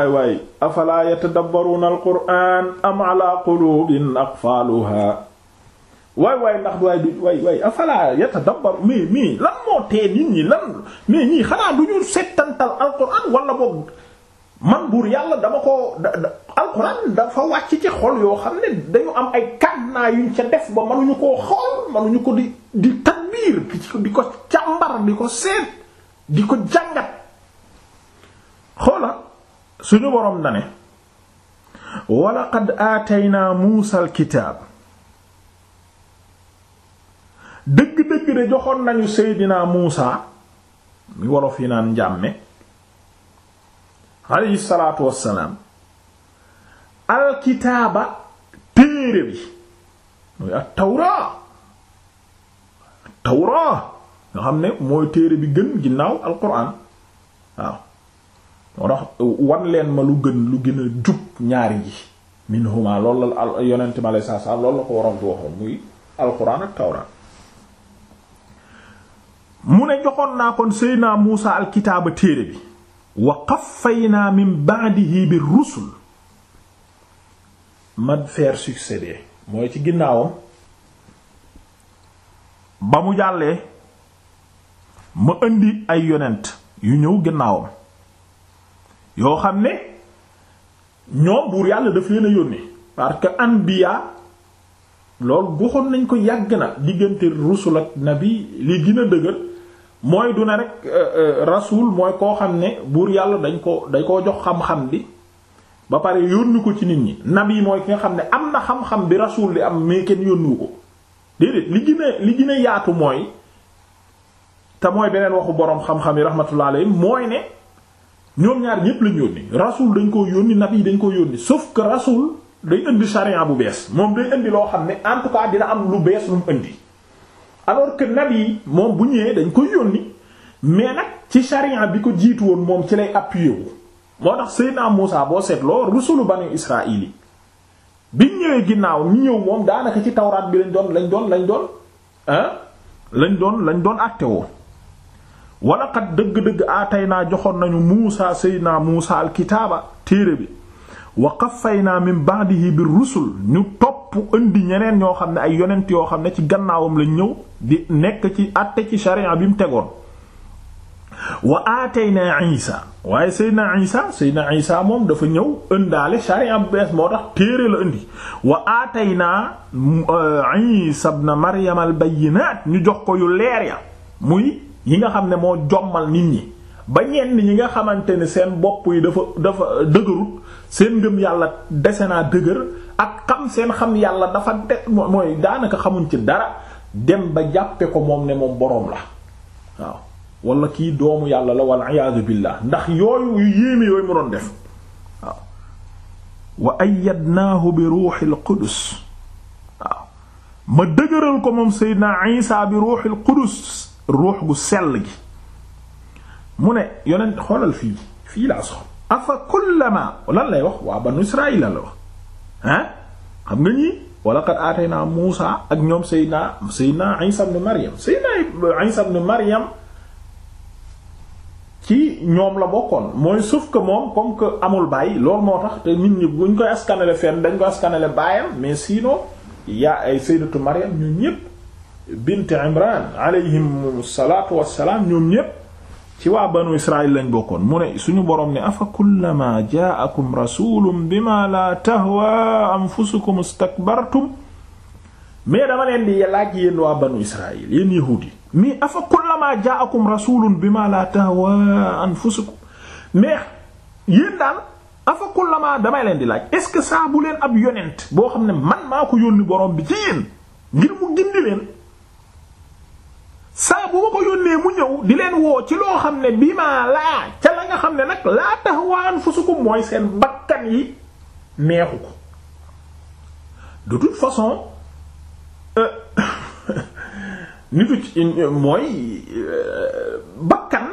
ay waay afalaa yatadabbaruuna alqur'aan am alaa quluubin aqfaaluhaa waay waay ndax waay du waay waay afalaa yatadabbaru mais mais lan moo tee nit ñi lan mais ñii xanaa du ñu settantal alqur'aan wala boog man buur yàlla dama ko alxuraan dafa wàcc ci xol yoo xam ne dañu am ay kànnaa yuñ ca def ba mënuñu koo xool mënuñu ko di di tadbiir di ko càmbar di ko seet di ko jàngat xoola suñu boroom na ne walaqad aataynaa Muusaa alkitaab dëgg-dëgg de joxoon nañu Seydinaa Muusaa mi wolof yi naan njàmme alayhi salaatu wassalaam alkitaaba téere bi mooy ak tawraa nga xam ne mooy téere bi gën ginnaaw alquran waaw moo tax uh, wan ma lu gën lu gën a jub ñaari yi minhuma loolu la yonente mi alayhi salaatu wassalaam la ko waroon di waxoon muy alquran ak tawraa mu ne joxoon naa kon Seydina Muusa alkitaaba téere bi wa qaffayna min ba'dihi bir rusul man faire succéder mooy ci ginnaawam ba mu jàllee ma indi ay yonent yu ñëw ginnaawam yoo xam ne ñoom buur yàlla daf leen a yónni parce que anbiya loolu goxoon nañ ko yàgg na diggante rusul ak bi li gën a dëgër mooy du na rek euh, euh, rasuul mooy koo xam ne buur yàlla dañ ko dañ koo jox xam-xam bi ba pare yónni ko ci nit ñi nabi mooy ki nga xam ne am na xam-xam bi rasul di am mais kenn yónnu ko déedéet li li gën a mooy te mooy beneen waxu boroom xam yi rahmatullah alayhi mooy ne ñoom ñaar ñépp lañ yónni rasul dañ koo yónni nabi dañ ko yónni sof que rasul day indi charia bu bees moom day indi loo xam ne en tout cas dina am lu bees lu mu indi alors que yi moom bu ñëwee dañu koy yónni mais nag ci charia bi ko jiitu woon moom ci lay appuyé wu moo tax Seydina Muusa boo seetloo rusulu bani Israil yi biñ ñëwee ginnaaw ñu ñëw moom daanaka ci tawraat bi lañ doon lañ doon lañ doon ah lañ doon lañ doon àttewoo wala kat dëgg-dëgg aatay naa joxoon nañu Muusa Seydina Muusa alkitaaba téere bi wax fay naa qaffayna min ba'dihi bir rusul ñu topp indi ñeneen ñoo xam ne ay yonent yoo xam ne ci gannaawam lañ ñëw di nekk ci àtte ci sharia bi mu tegoon wa aatayna isa waaye seydna isa seydna isa moom dafa ñëw ëndaale sharia bu bees moo tax téere la indi wa aatayna euh, isa ibn maryam al bayyinat ñu jox ko yu leer ya muy yi nga xam ne moo jommal nit ñi ba ñenn yi nga xamante ne seen bopp yi dafa dafa dëgërut seen ngëm yàlla dese naa dëgër ak xam seen xam yàlla dafa de mooy daanaka xamuñ ci dara dem ba jàppe ko moom ne moom boroom la waaw wala kii doomu yàlla la wal iyaadu billah ndax yooyu yu yéeme yooyu mu doon def waaw wa ayyadnaahu bi ruuxil qudus ma dëgëral ko moom seydina isa bi ruuxil qudus ruux gu sell gi mu ne yonent xoolal fii fii laa sox afa kullama lan lay wax waa banu israil la wax ah xam nga ñii wala qad aatayna Muusa ak ñoom Seydina Seydina Isa ibn Maryam Seydina Isa ibn ci ñoom la bokkoon mooy suuf que moom comme que amul bàyyi loolu moo tax te nit ñi buñ koy askanale fenn dañ koy askanale baayam mais sinon yaa ay Sayyidatu Maryam ñoom ñépp bint Imran alayhim salaatu wassalaam ñoom ñépp ci waa banu israil lañ bokkoon mu suñu boroom ne afa kullama jaakum rasulun bima la tahwa anfusukum istakbartum mais dama leen di laaj yéen waa banu israil yéen yahuudi mais afa kullama jaakum rasulun bima la tahwa anfusukum mais yéen daal afa kullama damay leen di laaj est-ce que saa bu leen ab yonent boo xam ne man maa ko yónni boroom bi ci yéen ngir mu gindi leen saa bu ma ko yónnee mu ñëw di leen woo ci loo xam ne bi maa laa ca la nga xam ne nag laa tahwa anfusukum mooy seen bakkan yi neexu ko de toute façon euh, mooy euh, bakkan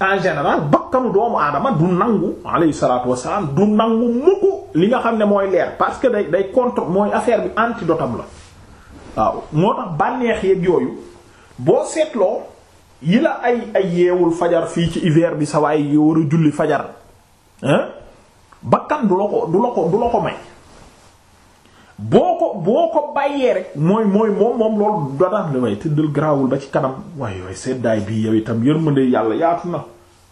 en général bakkanu doomu aadama du nangu alayhi salaatu wassalaam du nangu mukk li nga xam ne mooy leer parce que day day contre mooy affaire bi antidotam la waaw moo tax bànneex yeeg yooyu boo seetloo yi la ay ay yeewul fajar fii ci hiver bi sa waay yoo war a julli fajar hein bakkan du la ko du la ko du la ko may boo ko boo ko bàyyee rek mooy mooy moom moom loolu dadaam la way tëddal garaawul ba ci kanam waaye waaye seddaay bii yow itam yërmande yàlla yaatu na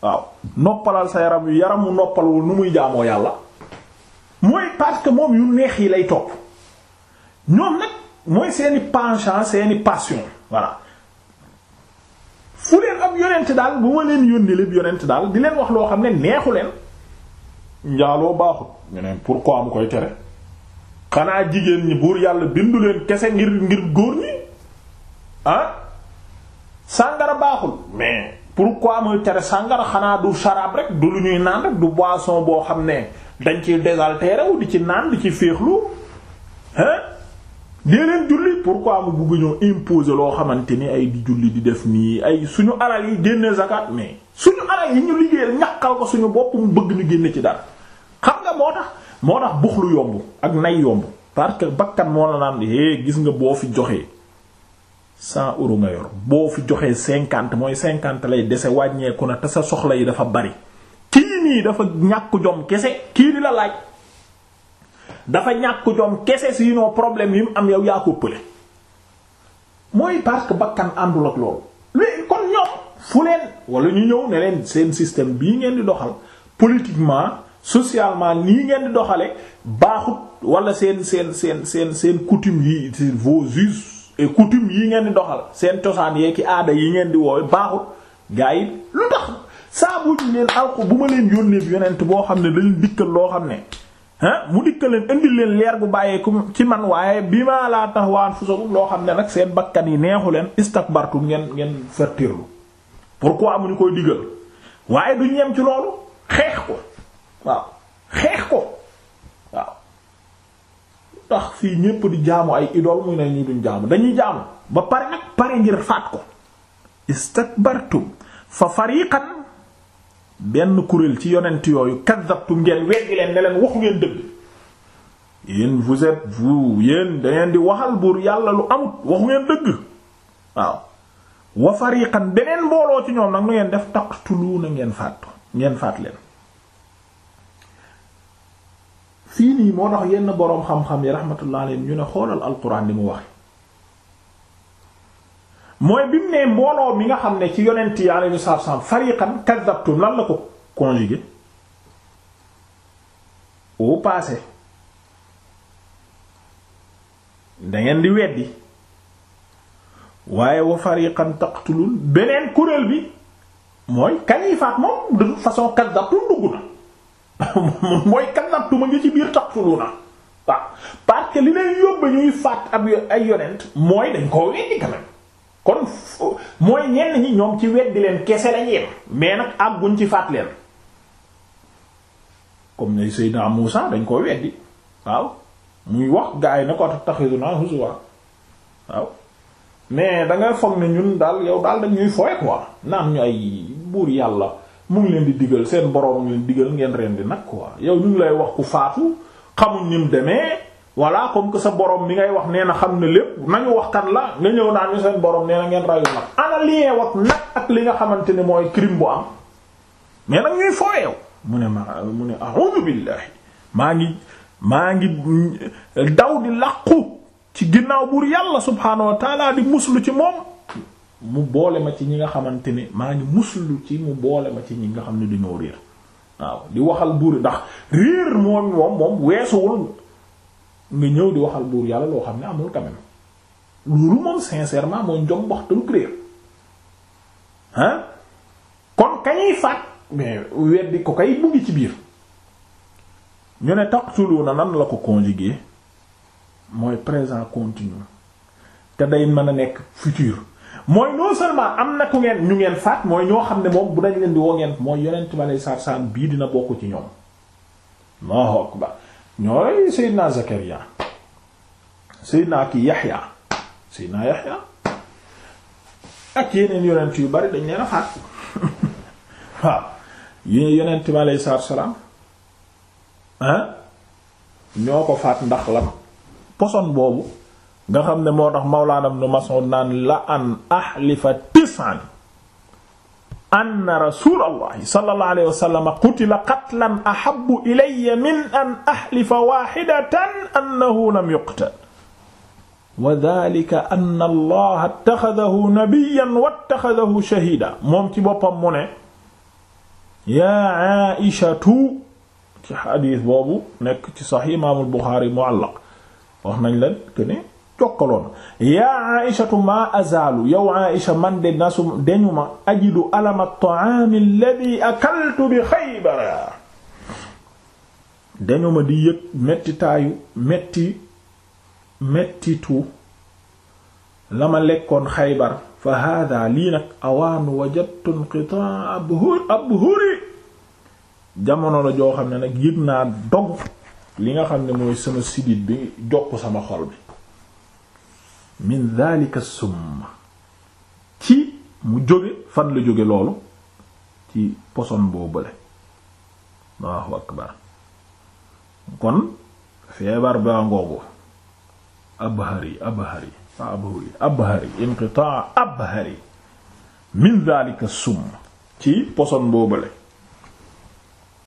waaw noppalal sa yaram yu yaramu noppalwul nu muy jaamoo yàlla mooy parce que moom yu neex yi lay topp ñoom nag mooy seeni penchant seeni passion voilà fu leen am yonent daal bu ma leen yónni lépp yonent daal di leen wax loo xam ne neexu leen njaaloo baaxut ñu pour pourquoi mu koy tere xanaa jigéen ñi buur yàlla bindu leen kese ngir ngir góor ñi ah sàngara baaxul mais pourquoi muy tere sàngara xanaa du sharaab rek du lu ñuy naan rek du boisson boo xam ne dañ ci désaltéré wu di ci naan di ci féexlu hein dee leen julli pourquoi mu bugg ñoo imposer loo xamante ni ay di julli di def nii ay suñu alal yi génne zakat mais suñu alal yi ñu liggéeyal ñaqal ko suñu bopp mu bëgg ñu génne ci dara xam nga moo tax moo tax buxlu yomb ak nay yomb parce bakkan moo la naan hé gis nga boo fi joxee cent euros nga yor boo fi joxee cinquante mooy cinquante lay dese wàññeeku na te sa soxla yi dafa bari kii nii dafa ñàkk jom kese kii di la laaj dafa ñàkk jom kese sinon problème yi mu am yow yaa ko pële mooy parce que bakkan àndul ak loolu léegi kon ñoom fu leen wala ñu ñëw ne leen seen système bii ngeen di doxal politiquement socialement nii ngeen di doxale baaxut wala seen seen seen seen seen coutume yi vos us et coutumes yi ngeen di doxal seen cosaan yee ki aada yi ngeen di woowe baaxut gaa yi lu tax saa bu ñu leen alko bu ma leen yónnee yonent boo xam ne dañ dikkal loo xam ne mu dikkal leen indil leen leer bu bàyyeeku ci man waaye bi maa laa tax waan fusakum loo xam ne nag seen bakkan yi neexu leen istakbartum ngeen ngeen fertirlu pourquoi mu ni koy digal waaye du ñem ci loolu xeex ko waaw xeex ko waaw tax fii ñépp di jaamu ay idole mu ne ñu duñ jaamu dañuy jaamu ba pare nag pare ngir faat ko istakbartum fa fariqan benn kuréel ci yonent yooyu kaddabtum ngeen weddi leen ne waxu ngeen dëgg yéen vous êtes vous yéen dangeen di waxal buur yàlla lu amut waxu ngeen dëgg waaw wa fariqan beneen mbooloo ci ñoom nag nu ngeen def taqtuluuna ngeen faat ngeen faat leen fii nii moo tax yenn boroom xam-xam yi rahmatullah alayhi ñu ne xoolal alquran li mu wax mooy bi mu ne mbooloo mi nga xam ne ci yonent yi alayhi salaam fariqan kadhabtum lan la ko conjugué au passé dangeen di weddi waaye wa fariqan taqtulun beneen kuréel bi mooy kañuy faat moom de toute façon kadhabtum dugg na mooy kadhabtum a ngi ci biir taqtuluna waaw parce que li leen yóbba ñuy faat ab ay yonent mooy dañ koo weddi quand kon mooy ñenn ñi ñoom ci weddi leen kese lañ yem mais nag àgguñ ci faat leen comme ne Seydina Muusa dañ koo weddi waaw muy wax gaa yi na ko tattaxizunaa huzwa waaw mais da nga foog ne ñun daal yow daal dañ ñuy fooye quoi naan ñu ay buur yàlla mu ngi leen di digal seen boroom mu ngi leen digal ngeen rendi nag quoi yow ñu ngi lay wax ku faatu xamuñ ni demee. voilà comme que sa borom mi ngay wax nee na xam ne lépp nañu wax kan la nga ñëw naan ñu seen borom nee na ngeen rayu nag ana lien wax nag ak li nga xamante ne mooy crime bu am mais nag ñuy fooyeew mu ne ma mu ne a'udhu billahi maa ngi maa ngi daw di làqu ci ginnaaw buur yàlla subhaanahu wa di muslu ci moom mu boole ma ci ñi nga xamante ne maa ngi muslu ci mu boole ma ci ñi nga xam ne dañoo réer waaw di waxal buur ndax réer moom moom moom weesuwul ngi ñëw di waxal buur yàlla loo xam ne amul quand même loolu moom sincèrement moo njom waxtalu créer ah kon kañuy faat mais weddi ko kay buggi ci biir ñu ne na nan la ko conjuguer mooy présent continue te day mën a nekk futur mooy non seulement am na ku ngeen ñu ngeen faat mooy ñoo xam ne moom bu dañ leen di woo ngeen mooy yonent bi aleyhi salaatu salaam bii dina bokk ci ñoom Allahu akbar ñooy Seydina Zakariya Seydina ki Yaxya Seydina Yaxya ak yeneen yonent yu bari dañ leen a faat waaw yeneen yonent bi aleyhi salaam ah ñoo ko faat ndax lan poson boobu nga xam ne moo tax Mawlaana Ibn Mas'ud naan la an ahlifa tis'an anna rasulallahi sallallahu alayhi wa sallam qutila qatlan ahabbu ilayya min an ahlifa wahidatan annahu lam yuqtal wa dhalika anna allaha ittakhadhahu nabiyyan wattakhadhahu shahida moom ci boppam mu ne yaa aishatu ci xadiis boobu nekk ci sax imaamul Buxaari muallaq wax nañ la ne jokkaloon yaa aïshatu maa azaalu yow aïsha man de nasu dañu ma ajidu alama taami alladi akaltu bi xaybara dañu ma di yëg mettitaayu metti mettitu la ma lekkoon xaybar fa hada lii nag awaanu wajadtu inqitaa abhur abhuri jamono la joo xam ne nag yëg naa dog li nga xam ne mooy sama sidit bi jokk sama xol bi min dhalika summa ci mu jóge fan la jóge loolu ci poson boo bële Allahu akbar kon feebar baa ngoogu abhari abhari abhari abhari inqitaa abhari min dhalika summa ci poson boo